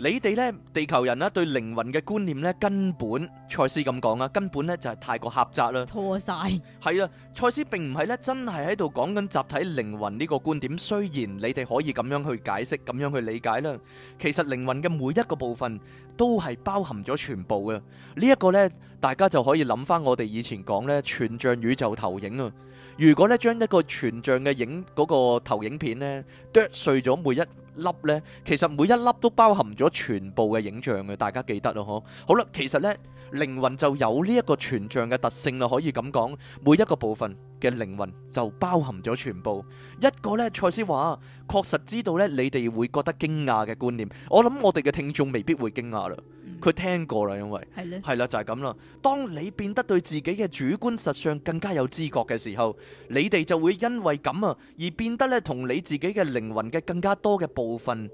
Speaker 2: 你哋咧，地球人咧，對靈魂嘅觀念咧，根本賽斯咁講啊，根本咧就係太過狹窄啦。錯晒係啊，賽斯並唔係咧，真係喺度講緊集體靈魂呢個觀點。雖然你哋可以咁樣去解釋、咁樣去理解啦，其實靈魂嘅每一個部分都係包含咗全部嘅。呢一個咧，大家就可以諗翻我哋以前講咧全像宇宙投影啊。如果咧將一個全像嘅影嗰個投影片咧剁碎咗每一。粒咧，其實每一粒都包含咗全部嘅影像嘅，大家記得咯，嗬。好啦，其實咧靈魂就有呢一個全像嘅特性啦，可以咁講，每一個部分嘅靈魂就包含咗全部。一個咧，賽斯話，確實知道咧，你哋會覺得驚訝嘅觀念，我諗我哋嘅聽眾未必會驚訝啦。佢聽過啦，因為係啦的，就係咁啦。當你變得對自己嘅主觀實相更加有知覺嘅時候，你哋就會因為咁啊，而變得咧同你自己嘅靈魂嘅更加多嘅部分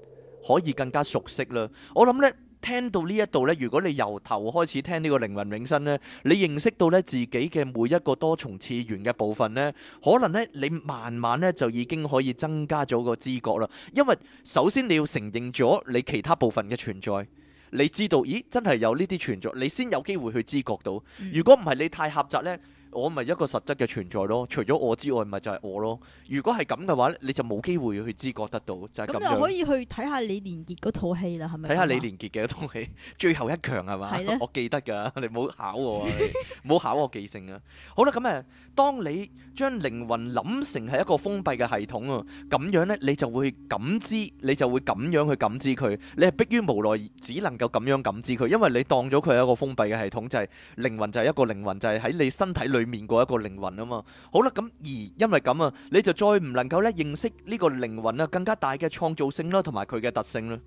Speaker 2: 可以更加熟悉啦。我諗呢聽到呢一度呢，如果你由頭開始聽呢個靈魂永生呢，你認識到呢自己嘅每一個多重次元嘅部分呢，可能呢你慢慢呢就已經可以增加咗個知覺啦。因為首先你要承認咗你其他部分嘅存在。你知道，咦？真係有呢啲存在，你先有機會去知覺到。如果唔係，你太狹窄咧。我咪一個實質嘅存在咯，除咗我之外，咪就係我咯。如果係咁嘅話咧，你就冇機會去知覺得到，就係咁樣。咁又可以
Speaker 1: 去睇下李連杰嗰套戲啦，係咪？睇下李連
Speaker 2: 杰嘅一套戲《最後一強》係嘛？係咧。我記得㗎，你唔好考我啊，唔好考我記性啊！好啦，咁誒，當你將靈魂諗成係一個封閉嘅系統啊，咁樣咧你就會感知，你就會咁樣去感知佢，你係迫於無奈只能夠咁樣感知佢，因為你當咗佢係一個封閉嘅系統，就係靈魂就係一個靈魂，就係喺你身體裏面過一個靈魂啊嘛，好啦，咁而因為咁啊，你就再唔能夠咧認識呢個靈魂啊，更加大嘅創造性啦，同埋佢嘅特性啦。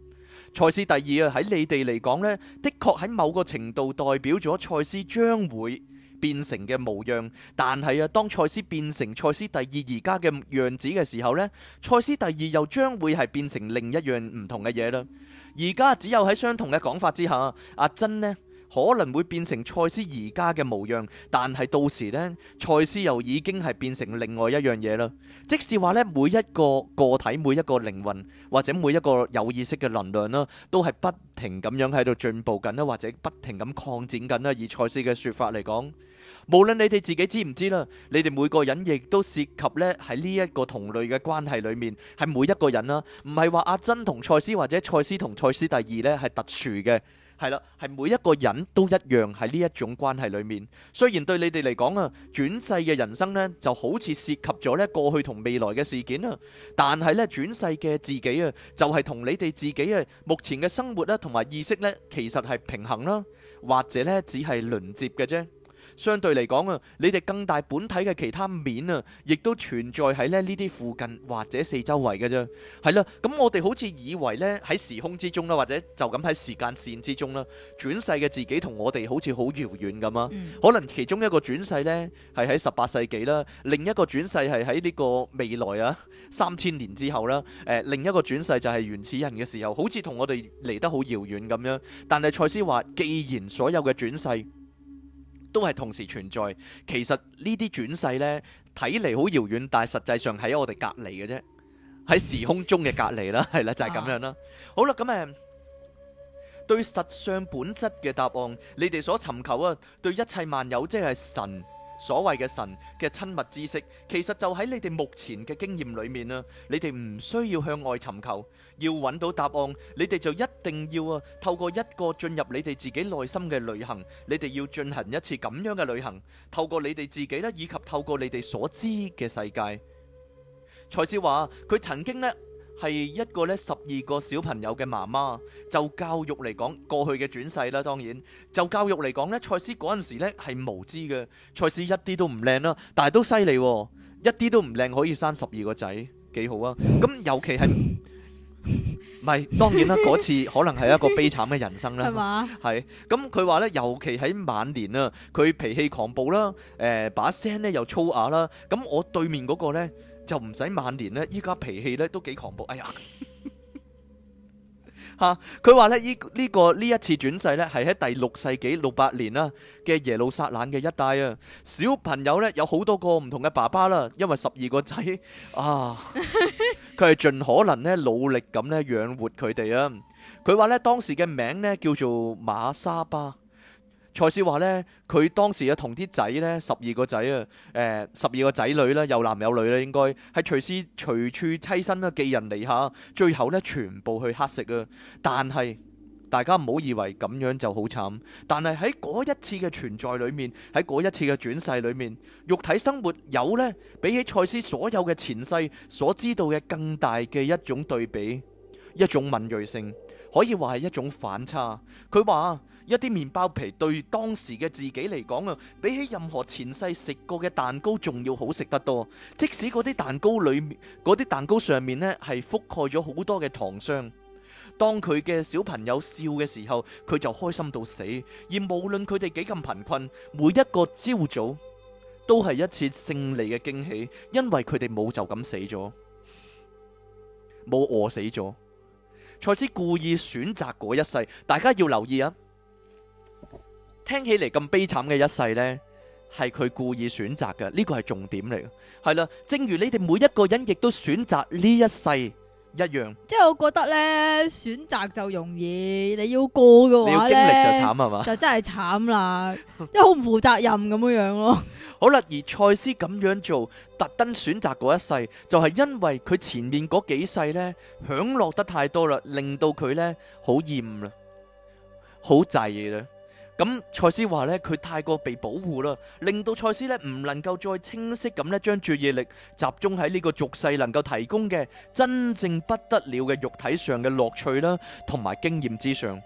Speaker 2: 賽斯第二啊，喺你哋嚟講呢，的確喺某個程度代表咗賽斯將會變成嘅模樣，但係啊，當賽斯變成賽斯第二而家嘅樣子嘅時候呢，賽斯第二又將會係變成另一樣唔同嘅嘢啦。而家只有喺相同嘅講法之下，阿珍呢，可能會變成賽斯而家嘅模樣，但係到時呢，賽斯又已經係變成另外一樣嘢啦。即使話呢，每一個個體、每一個靈魂或者每一個有意識嘅能量啦，都係不停咁樣喺度進步緊啦，或者不停咁擴展緊啦。以賽斯嘅說法嚟講，無論你哋自己知唔知啦，你哋每個人亦都涉及呢喺呢一個同類嘅關係裏面，係每一個人啦，唔係話阿珍同賽斯或者賽斯同賽斯第二呢係特殊嘅。係啦，係每一個人都一樣喺呢一種關係裏面。雖然對你哋嚟講啊，轉世嘅人生咧就好似涉及咗咧過去同未來嘅事件啊，但係咧轉世嘅自己啊，就係同你哋自己啊目前嘅生活啦同埋意識咧，其實係平衡啦，或者咧只係輪接嘅啫。相對嚟講啊，你哋更大本體嘅其他面啊，亦都存在喺咧呢啲附近或者四周圍嘅啫。係啦，咁我哋好似以為呢喺時空之中啦，或者就咁喺時間線之中啦，轉世嘅自己同我哋好似好遙遠咁啊。嗯、可能其中一個轉世呢，係喺十八世紀啦，另一個轉世係喺呢個未來啊三千年之後啦。誒、呃，另一個轉世就係原始人嘅時候，好似同我哋離得好遙遠咁樣。但係賽斯話，既然所有嘅轉世，都係同時存在。其實呢啲轉世呢，睇嚟好遙遠，但係實際上喺我哋隔離嘅啫，喺時空中嘅隔離啦，係啦，就係、是、咁樣啦。啊、好啦，咁誒對實相本質嘅答案，你哋所尋求啊，對一切萬有，即係神。所謂嘅神嘅親密知識，其實就喺你哋目前嘅經驗裏面啦。你哋唔需要向外尋求，要揾到答案，你哋就一定要啊！透過一個進入你哋自己內心嘅旅行，你哋要進行一次咁樣嘅旅行。透過你哋自己咧，以及透過你哋所知嘅世界，蔡少華，佢曾經呢。係一個咧，十二個小朋友嘅媽媽，就教育嚟講，過去嘅轉世啦。當然，就教育嚟講咧，賽斯嗰陣時咧係無知嘅，賽斯一啲都唔靚啦，但係都犀利，一啲都唔靚可以生十二個仔，幾好啊！咁、嗯、尤其係，唔係當然啦，嗰次可能係一個悲慘嘅人生啦，係嘛 *laughs* 吧？係咁，佢話咧，尤其喺晚年啊，佢脾氣狂暴啦，誒、呃，把聲咧又粗啞啦，咁、嗯、我對面嗰個咧。就唔使晚年呢，依家脾氣呢都幾狂暴。哎呀，吓，佢話咧，呢、呢個呢、呢個，一次轉世呢，係喺第六世紀六八年啦嘅耶路撒冷嘅一帶啊。小朋友呢，有好多個唔同嘅爸爸啦，因為十二個仔啊，佢係盡可能咧努力咁咧養活佢哋啊。佢話呢，當時嘅名呢叫做馬沙巴。蔡斯話呢，佢當時嘅同啲仔呢，十二個仔啊，誒、欸，十二個仔女啦，有男有女啦，應該係隨時隨處棲身啦，寄人籬下，最後呢，全部去乞食啊。但係大家唔好以為咁樣就好慘，但係喺嗰一次嘅存在裏面，喺嗰一次嘅轉世裏面，肉體生活有呢，比起蔡斯所有嘅前世所知道嘅更大嘅一種對比，一種敏銳性，可以話係一種反差。佢話。一啲麵包皮對當時嘅自己嚟講啊，比起任何前世食過嘅蛋糕仲要好食得多。即使嗰啲蛋糕裏面，嗰啲蛋糕上面咧係覆蓋咗好多嘅糖霜，當佢嘅小朋友笑嘅時候，佢就開心到死。而無論佢哋幾咁貧困，每一個朝早都係一次勝利嘅驚喜，因為佢哋冇就咁死咗，冇餓死咗。賽斯故意選擇嗰一世，大家要留意啊！聽起嚟咁悲慘嘅一世咧，係佢故意選擇嘅，呢個係重點嚟嘅。係啦，正如你哋每一個人亦都選擇呢一世一樣。
Speaker 1: 即係我覺得咧，選擇就容易，你要過嘅話咧，你要經歷就慘係嘛？就真係慘啦，即係好唔負責任咁樣樣咯。
Speaker 2: 好啦，而賽斯咁樣做，特登選擇嗰一世，就係因為佢前面嗰幾世咧享樂得太多啦，令到佢咧好厭啦，好滯啦。咁蔡斯話呢，佢太過被保護啦，令到蔡斯呢唔能夠再清晰咁呢將注意力集中喺呢個俗世能夠提供嘅真正不得了嘅肉體上嘅樂趣啦，同埋經驗之上，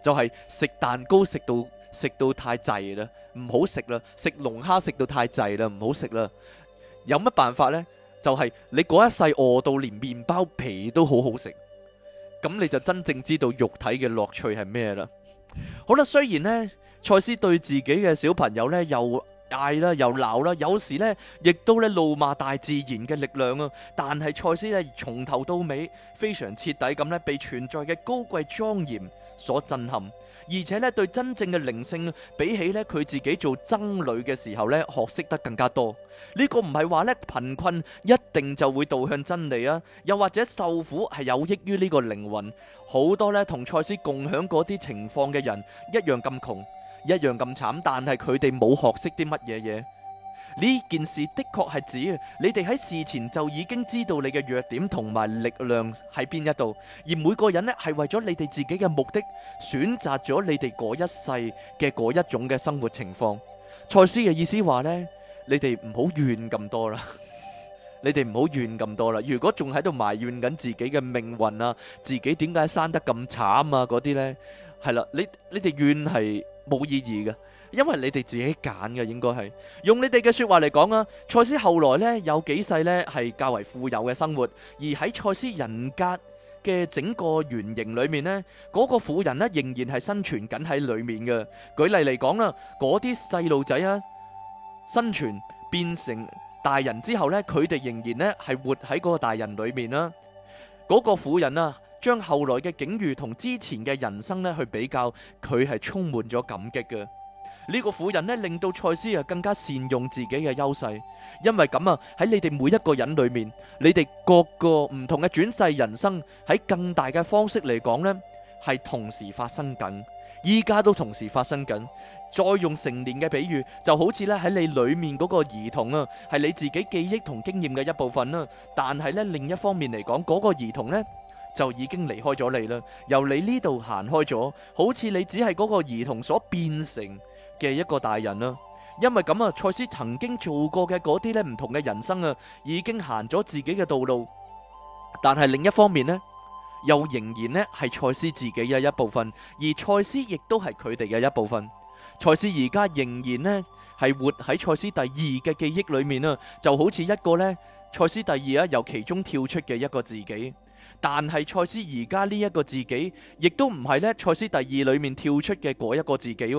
Speaker 2: 就係食蛋糕食到食到太滯啦，唔好食啦；食龍蝦食到太滯啦，唔好食啦。有乜辦法呢？就係你嗰一世餓到連麵包皮都好好食，咁你就真正知道肉體嘅樂趣係咩啦。好啦，雖然呢，賽斯對自己嘅小朋友呢又嗌啦，又鬧啦，有時呢亦都咧怒罵大自然嘅力量啊，但係賽斯咧從頭到尾非常徹底咁呢被存在嘅高貴莊嚴所震撼。而且咧，對真正嘅靈性，比起咧佢自己做僧侶嘅時候咧，學識得更加多。呢、這個唔係話咧，貧困一定就會導向真理啊，又或者受苦係有益於呢個靈魂。好多咧同賽斯共享嗰啲情況嘅人，一樣咁窮，一樣咁慘，但係佢哋冇學識啲乜嘢嘢。呢件事的確係指，你哋喺事前就已經知道你嘅弱點同埋力量喺邊一度，而每個人咧係為咗你哋自己嘅目的選擇咗你哋嗰一世嘅嗰一種嘅生活情況。賽斯嘅意思話呢，你哋唔好怨咁多啦， *laughs* 你哋唔好怨咁多啦。如果仲喺度埋怨緊自己嘅命運啊，自己點解生得咁慘啊嗰啲呢，係啦，你你哋怨係冇意義嘅。因為你哋自己揀嘅，應該係用你哋嘅說話嚟講啊。賽斯後來咧有幾世咧係較為富有嘅生活，而喺賽斯人格嘅整個原型裏面咧，嗰個婦人咧仍然係生存緊喺裏面嘅。舉例嚟講啦，嗰啲細路仔啊生存變成大人之後咧，佢哋仍然咧係活喺嗰個大人裏面啦。嗰個婦人啊，將後來嘅境遇同之前嘅人生咧去比較，佢係充滿咗感激嘅。呢個婦人呢，令到賽斯啊更加善用自己嘅優勢，因為咁啊，喺你哋每一個人裏面，你哋各個唔同嘅轉世人生，喺更大嘅方式嚟講呢，係同時發生緊，依家都同時發生緊。再用成年嘅比喻，就好似呢喺你裏面嗰個兒童啊，係你自己記憶同經驗嘅一部分啦，啊。但係呢，另一方面嚟講，嗰、那個兒童呢就已經離開咗你啦，由你呢度行開咗，好似你只係嗰個兒童所變成嘅一個大人啦，因為咁啊，賽斯曾經做過嘅嗰啲呢唔同嘅人生啊，已經行咗自己嘅道路。但係另一方面呢，又仍然呢係賽斯自己嘅一部分，而賽斯亦都係佢哋嘅一部分。賽斯而家仍然呢係活喺賽斯第二嘅記憶裏面啊，就好似一個呢賽斯第二啊由其中跳出嘅一個自己。但係賽斯而家呢一個自己，亦都唔係呢賽斯第二裏面跳出嘅嗰一個自己。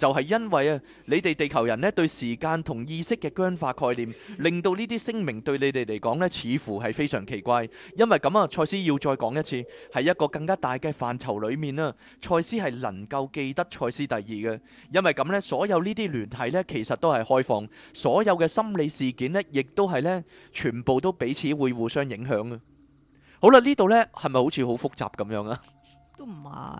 Speaker 2: 就係因為啊，你哋地球人咧對時間同意識嘅僵化概念，令到呢啲聲明對你哋嚟講咧，似乎係非常奇怪。因為咁啊，賽斯要再講一次，喺一個更加大嘅範疇裏面啦，賽斯係能夠記得賽斯第二嘅。因為咁咧，所有呢啲聯繫咧，其實都係開放，所有嘅心理事件咧，亦都係咧，全部都彼此會互相影響嘅。好啦，呢度呢係咪好似好複雜咁樣啊？都唔係，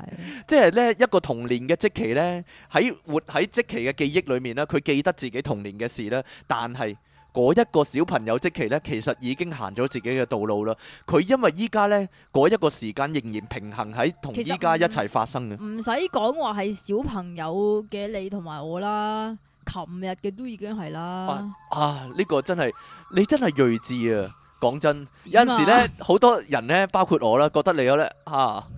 Speaker 2: 即係呢一個童年嘅即期呢，喺活喺即期嘅記憶裏面呢，佢記得自己童年嘅事呢。但係嗰一個小朋友即期呢，其實已經行咗自己嘅道路啦。佢因為依家呢，嗰一個時間仍然平衡喺同依家一齊發生嘅，唔
Speaker 1: 使講話係小朋友嘅你同埋我啦，琴日嘅都已經係啦、
Speaker 2: 啊。啊，呢、呢個真係你真係睿智啊！講真，有時呢，好多人呢，包括我啦，覺得你有咧嚇。啊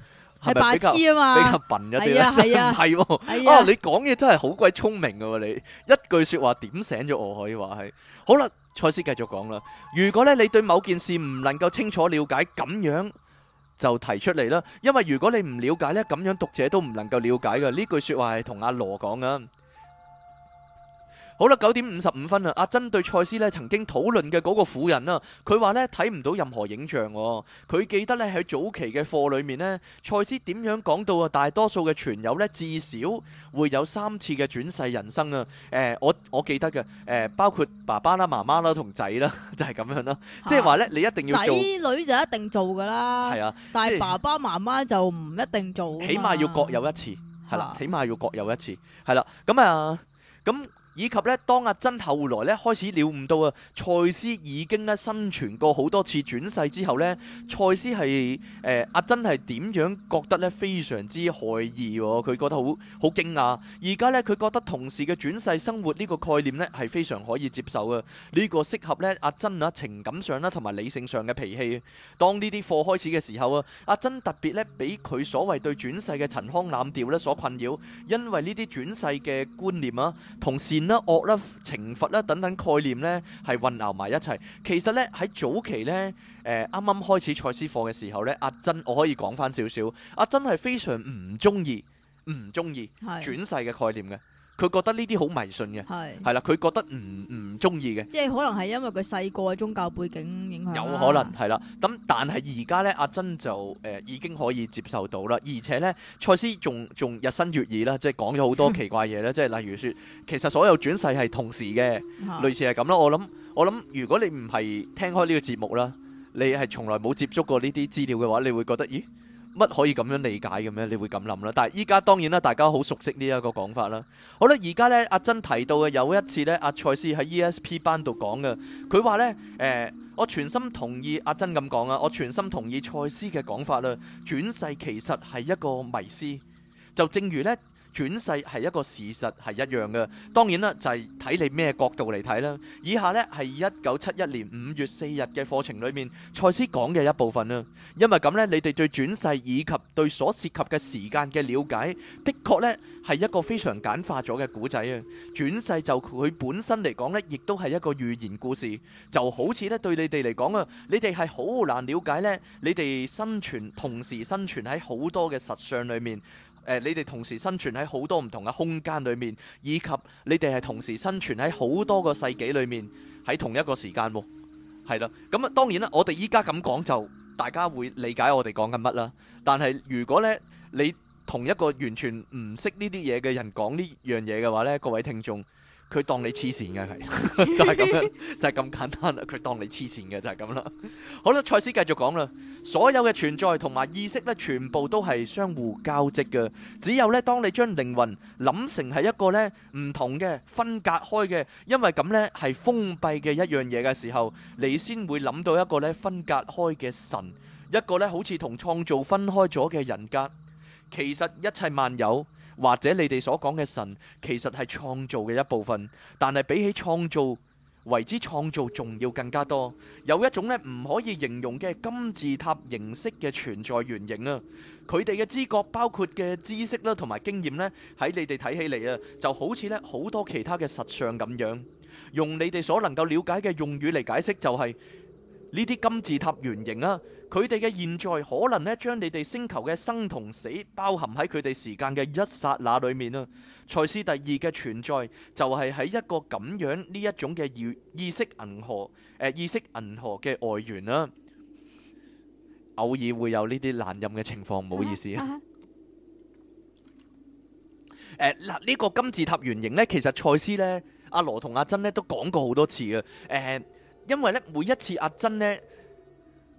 Speaker 2: 係白痴啊嘛，比較笨一啲咯，係 *laughs* 啊，係喎呀，啊，你講嘢真係好鬼聰明噶喎、啊，你一句說話點醒咗我，可以話係。好啦，賽斯繼續講啦。如果咧你對某件事唔能夠清楚了解，咁樣就提出嚟啦。因為如果你唔了解咧，咁樣讀者都唔能夠了解噶。呢句話說話係同阿羅講噶。好啦，九點五十五分啦。阿、啊、珍對賽斯咧曾經討論嘅嗰個婦人啦，佢話咧睇唔到任何影像，哦。佢記得咧喺早期嘅課裏面斯呢，賽斯點樣講到啊？大多數嘅傳友咧至少會有三次嘅轉世人生啊。誒、呃，我我記得嘅。誒、呃，包括爸爸啦、啊、媽媽啦、同仔啦、啊，就係、是、咁樣啦、啊。即係話咧，你一定要做，仔
Speaker 1: 女就一定做㗎啦。係啊，但係爸爸媽媽就唔一定做，啊。起碼要
Speaker 2: 各有一次，係啦、啊啊啊，起碼要各有一次，係啦。咁啊，咁、啊。啊啊啊啊啊啊。以及呢，當阿珍後來呢，開始了悟到啊，賽斯已經呢，生存過好多次轉世之後呢，賽斯係誒阿珍係點樣覺得呢非常之駭異，佢覺得好好驚訝。而家呢，佢覺得同時嘅轉世生活呢個概念呢，係非常可以接受啊，呢個適合呢阿珍啊情感上啦同埋理性上嘅脾氣。當呢啲課開始嘅時候啊，阿珍特別呢，俾佢所謂對轉世嘅陳腔濫調呢所困擾，因為呢啲轉世嘅觀念啊，同時。啦惡啦懲罰啦等等概念咧，係混淆埋一齊。其實呢，喺早期呢，誒啱啱開始賽斯課嘅時候呢，阿珍我可以講翻少少。阿珍係非常唔中意，唔中意轉世嘅概念嘅。佢覺得呢啲好迷信嘅，係啦的，佢覺得唔唔中意嘅。即
Speaker 1: 係可能係因為佢細個嘅宗教背景影響。有可能
Speaker 2: 係啦，咁但係而家呢，阿珍就誒、呃、已經可以接受到啦，而且呢，賽斯仲仲日新月異啦，即係講咗好多奇怪嘢咧，即係 *laughs* 例如説，其實所有轉世係同時嘅，的類似係咁啦。我諗我諗，如果你唔係聽開呢個節目啦，你係從來冇接觸過呢啲資料嘅話，你會覺得咦？乜可以咁樣理解嘅咩？你會咁諗啦。但係依家當然啦，大家好熟悉呢一個講法啦。好啦，而家呢，阿珍提到嘅有一次呢，阿賽斯喺 E.S.P 班度講嘅，佢話呢，誒、呃，我全心同意阿珍咁講啊，我全心同意賽斯嘅講法啦。轉世其實係一個迷思，就正如呢。轉世係一個事實係一樣嘅，當然啦，就係、是、睇你咩角度嚟睇啦。以下呢係一九七一年五月四日嘅課程裏面，賽斯講嘅一部分啊。因為咁呢，你哋對轉世以及對所涉及嘅時間嘅了解，的確呢係一個非常簡化咗嘅故仔啊。轉世就佢本身嚟講呢，亦都係一個寓言故事，就好似呢對你哋嚟講啊，你哋係好難了解呢，你哋生存同時生存喺好多嘅實相裏面。誒、呃，你哋同時生存喺好多唔同嘅空間裏面，以及你哋係同時生存喺好多個世紀裏面，喺同一個時間、哦，係啦。咁、嗯、啊，當然啦，我哋依家咁講就大家會理解我哋講緊乜啦。但係如果呢，你同一個完全唔識呢啲嘢嘅人講呢樣嘢嘅話呢，各位聽眾。佢當你黐線嘅係， *laughs* 就係咁樣，就係、是、咁簡單啦。佢當你黐線嘅就係咁啦。 *laughs* 好啦，賽斯繼續講啦。所有嘅存在同埋意識咧，全部都係相互交織嘅。只有咧，當你將靈魂諗成係一個咧唔同嘅分隔開嘅，因為咁咧係封閉嘅一樣嘢嘅時候，你先會諗到一個咧分隔開嘅神，一個咧好似同創造分開咗嘅人格。其實一切萬有。或者你哋所講嘅神其實係創造嘅一部分，但係比起創造，為之創造仲要更加多。有一種咧唔可以形容嘅金字塔形式嘅存在原型啊，佢哋嘅知覺，包括嘅知識啦同埋經驗咧，喺你哋睇起嚟啊，就好似咧好多其他嘅實相咁樣。用你哋所能夠了解嘅用語嚟解釋，就係。呢啲金字塔原型啊，佢哋嘅現在可能咧，將你哋星球嘅生同死包含喺佢哋時間嘅一剎那裏面啊。賽斯第二嘅存在就係喺一個咁樣呢一種嘅意意識銀河，誒意識銀河嘅外緣啊。偶爾會有呢啲難認嘅情況，唔好意思啊。誒嗱，呢個金字塔原型咧，其實賽斯咧，阿羅同阿珍咧都講過好多次嘅誒。因為咧，每一次阿珍咧，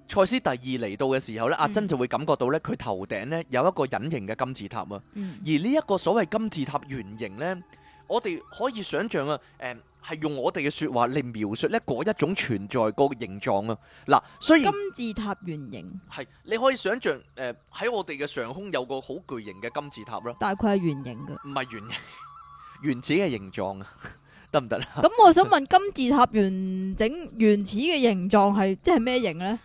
Speaker 2: 賽斯第二嚟到嘅時候咧，阿珍就會感覺到咧，佢頭頂咧有一個隱形嘅金字塔啊。嗯。而呢一個所謂金字塔圓形咧，我哋可以想象啊，誒，係用我哋嘅說話嚟描述咧嗰一種存在個形狀啊。嗱，所以金字塔圓形係，你可以想象誒，喺我哋嘅上空有個好巨型嘅金字塔咯。大概係圓形嘅。唔係圓形，原始嘅形狀啊。得唔得啦？咁我想問
Speaker 1: 金字塔完整原始嘅形狀係即係咩形咧？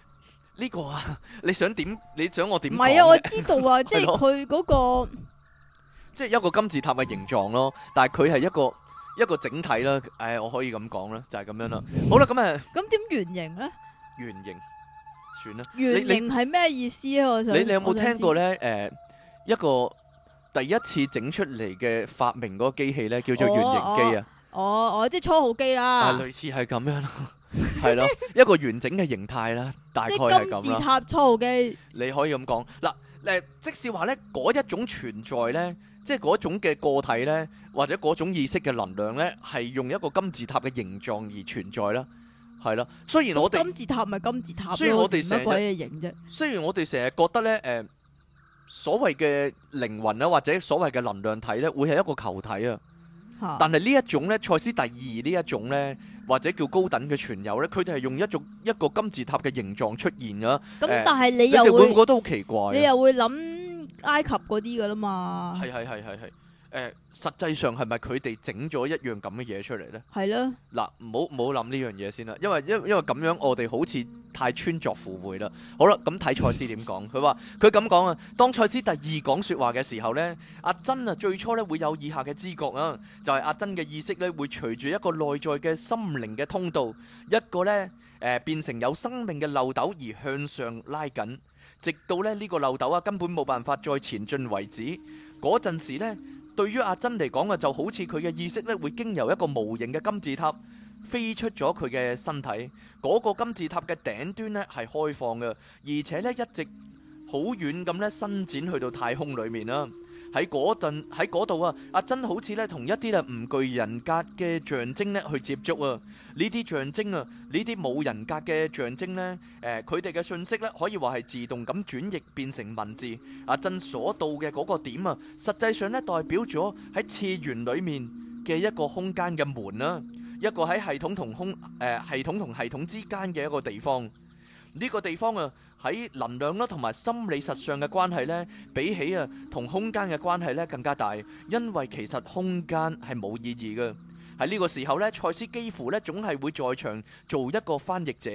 Speaker 1: 呢
Speaker 2: 個啊，你想點？你想我點？唔係啊，我知道
Speaker 1: 啊，即係佢嗰個，
Speaker 2: 即係一個金字塔嘅形狀咯。但係佢係一個一個整體啦。誒，我可以咁講啦，就係咁樣啦。好
Speaker 1: 啦，咁啊，咁點圓形咧？
Speaker 2: 圓形，算啦。圓形係
Speaker 1: 咩意思啊？我想你你有冇聽過咧？
Speaker 2: 誒，一個第一次整出嚟嘅發明嗰個機器咧，叫做圓形機啊。
Speaker 1: 哦哦，即係初號機啦，類
Speaker 2: 似係咁樣咯，係咯，一個完整嘅形態啦，大概係咁啦。金字塔初號機，你可以咁講嗱，誒，即使話咧，嗰一種存在咧，即係嗰種嘅個體咧，或者嗰種意識嘅能量咧，係用一個金字塔嘅形狀而存在啦，係咯。雖然我哋金
Speaker 1: 字塔咪金字塔，所以我哋成乜鬼嘢形啫？
Speaker 2: 雖然我哋成日覺得咧，誒，所謂嘅靈魂啊，或者所謂嘅能量體咧，會係一個球體啊。但係呢一種咧，賽斯第二呢一種咧，或者叫高等嘅存有咧，佢哋係用一種一個金字塔嘅形狀出現咗。咁、嗯呃、但係你又會唔覺得好奇怪？你又
Speaker 1: 會諗埃及嗰啲㗎啦嘛？
Speaker 2: 係係係係係。誒、呃，實際上係咪佢哋整咗一樣咁嘅嘢出嚟呢？係啦，嗱， *music* 唔好唔好諗呢樣嘢先啦，因為因因為咁樣我哋好似太穿鑿附會啦。好啦，咁睇賽斯點講，佢話佢咁講啊，當賽斯第二講說話嘅時候呢，阿珍啊最初咧會有以下嘅知覺啊，就係、是、阿珍嘅意識咧會隨住一個內在嘅心靈嘅通道，一個呢，誒、呃、變成有生命嘅漏斗而向上拉緊，直到咧呢、這個漏斗啊根本冇辦法再前進為止，嗰陣時呢。對於阿珍嚟講啊，就好似佢嘅意識咧會經由一個無形嘅金字塔飛出咗佢嘅身體，嗰個金字塔嘅頂端咧係開放嘅，而且咧一直好遠咁咧伸展去到太空裡面啦。喺嗰度，喺嗰度啊，阿珍好似咧同一啲啊唔具人格嘅象徵咧去接觸啊，呢啲象徵啊，呢啲冇人格嘅象徵咧，誒佢哋嘅信息咧可以話係自動咁轉譯變成文字。阿珍所到嘅嗰個點啊，實際上咧代表咗喺次元裏面嘅一個空間嘅門啊，一個喺系統同空誒系統同系統之間嘅一個地方。呢個地方啊，喺能量啦，同埋心理實相嘅關係咧，比起啊同空間嘅關係咧更加大，因為其實空間係冇意義嘅。喺呢個時候咧，賽斯幾乎咧總係會在場做一個翻譯者，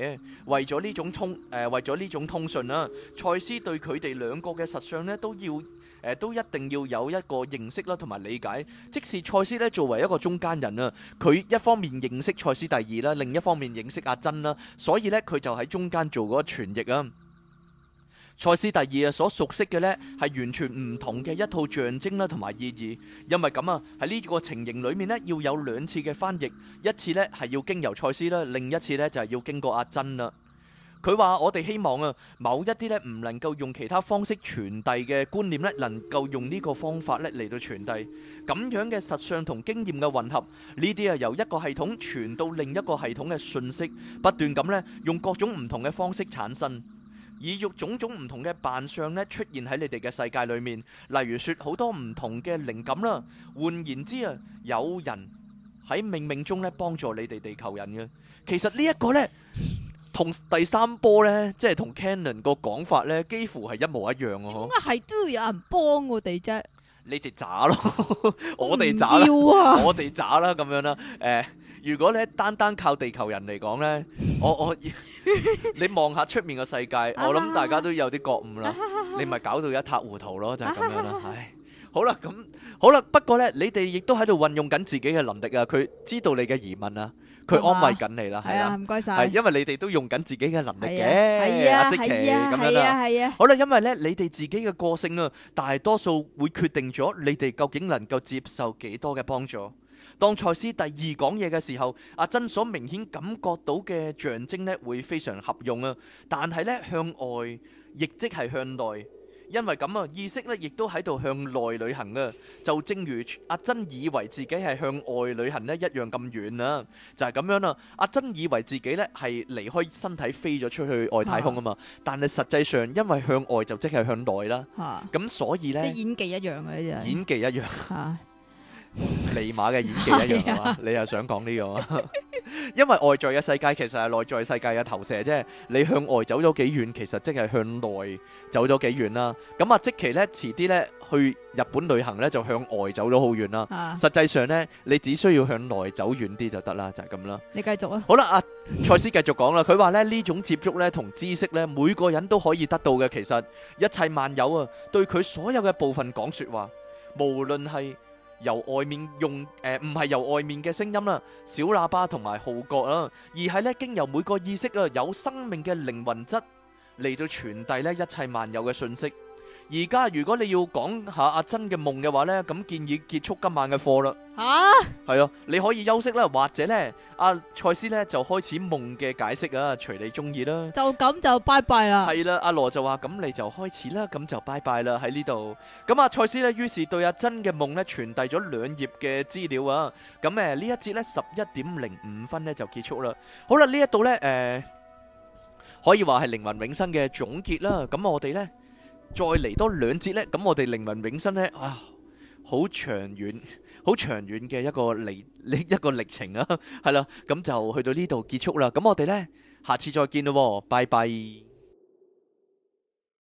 Speaker 2: 為咗呢種通誒，為咗呢種通訊啦。賽斯對佢哋兩個嘅實相咧都要。誒都一定要有一個認識啦，同埋理解。即使賽斯咧作為一個中間人啊，佢一方面認識賽斯第二啦，另一方面認識阿珍啦，所以呢，佢就喺中間做嗰個傳譯啊。賽斯第二啊所熟悉嘅呢，係完全唔同嘅一套象徵啦，同埋意義。因為咁啊，喺呢個情形裏面呢，要有兩次嘅翻譯，一次呢係要經由賽斯啦，另一次呢就係要經過阿珍啦。佢話：我哋希望啊，某一啲咧唔能夠用其他方式傳遞嘅觀念咧，能夠用呢個方法咧嚟到傳遞。咁樣嘅實相同經驗嘅混合，呢啲啊由一個系統傳到另一個系統嘅訊息，不斷咁咧用各種唔同嘅方式產生，以種種唔同嘅扮相咧出現喺你哋嘅世界裏面，例如說好多唔同嘅靈感啦。換言之啊，有人喺冥冥中咧幫助你哋地球人嘅。其實呢一個咧。同第三波呢，即係同 Canon 個講法呢幾乎係一模一樣喎。咁啊，係
Speaker 1: 都要有人幫我哋啫。
Speaker 2: 你哋渣咯， *laughs* 我哋渣，我哋渣啦，咁樣啦。如果呢單單靠地球人嚟講呢， *laughs* 我我 *laughs* 你望下出面個世界， *laughs* 我諗大家都有啲覺悟啦。 *laughs* 你咪搞到一塌糊塗咯，就係咁樣啦。唉，好啦，咁好啦。不過呢，你哋亦都喺度運用緊自己嘅能力啊。佢知道你嘅疑問啊。佢安慰緊你啦，係啊的，唔該曬，係謝因為你哋都用緊自己嘅能力嘅，阿即咁樣啦。好啦，因為咧你哋自己嘅個性啊，大多數會決定咗你哋究竟能夠接受幾多嘅幫助。當賽斯第二講嘢嘅時候，阿珍所明顯感覺到嘅象徵咧，會非常合用啊。但係咧向外，亦即係向內，因為咁啊，意識咧亦都喺度向內旅行啊。就正如阿珍以為自己係向外旅行咧一樣咁遠啊，就係、是、咁樣啦、啊。阿珍以為自己呢係離開身體飛咗出去外太空啊嘛，啊但係實際上因為向外就即係向內啦，咁、啊、所以呢，即係，演
Speaker 1: 技一樣嘅呢隻，演
Speaker 2: 技一樣，尼瑪嘅演技一樣是啊吧！你又想講呢樣？因為外在嘅世界其實係內在世界嘅投射啫，你向外走咗幾遠，其實即係向內走咗幾遠啦。咁啊，即期呢，遲啲呢，去日本旅行呢，就向外走咗好遠啦、啊。啊、實際上呢，你只需要向內走遠啲就得啦，就係咁啦。
Speaker 1: 你繼續啊好。好、
Speaker 2: 啊、啦，阿賽斯繼續講啦。佢話呢，呢種接觸呢，同知識呢，每個人都可以得到嘅。其實一切萬有啊，對佢所有嘅部分講說話，無論係。由外面用誒唔係由外面嘅聲音啦，小喇叭同埋號角啦，而係咧經由每個意識啊，有生命嘅靈魂質嚟到傳遞咧一切萬有嘅信息。而家如果你要講下阿珍嘅夢嘅話呢，咁建議結束今晚嘅課啦。吓、啊，係啊，你可以休息啦，或者呢，阿賽斯呢，就開始夢嘅解釋啊，隨你中意啦。
Speaker 1: 就咁就拜拜啦。係
Speaker 2: 啦，阿、啊、羅就話咁你就開始啦，咁就拜拜啦喺呢度。咁啊，賽斯呢，於是對阿珍嘅夢呢，傳遞咗兩頁嘅資料啊。咁誒、啊，呢一節呢，十一點零五分呢，就結束啦。好啦，呢一度呢，誒、呃，可以話係靈魂永生嘅總結啦。咁我哋呢。再嚟多兩節呢，咁我哋靈魂永生呢，啊，好長遠，好長遠嘅一個歷歷一個歷程啊，係 *laughs* 啦，咁就去到呢度結束啦。咁我哋呢，下次再見咯，拜拜。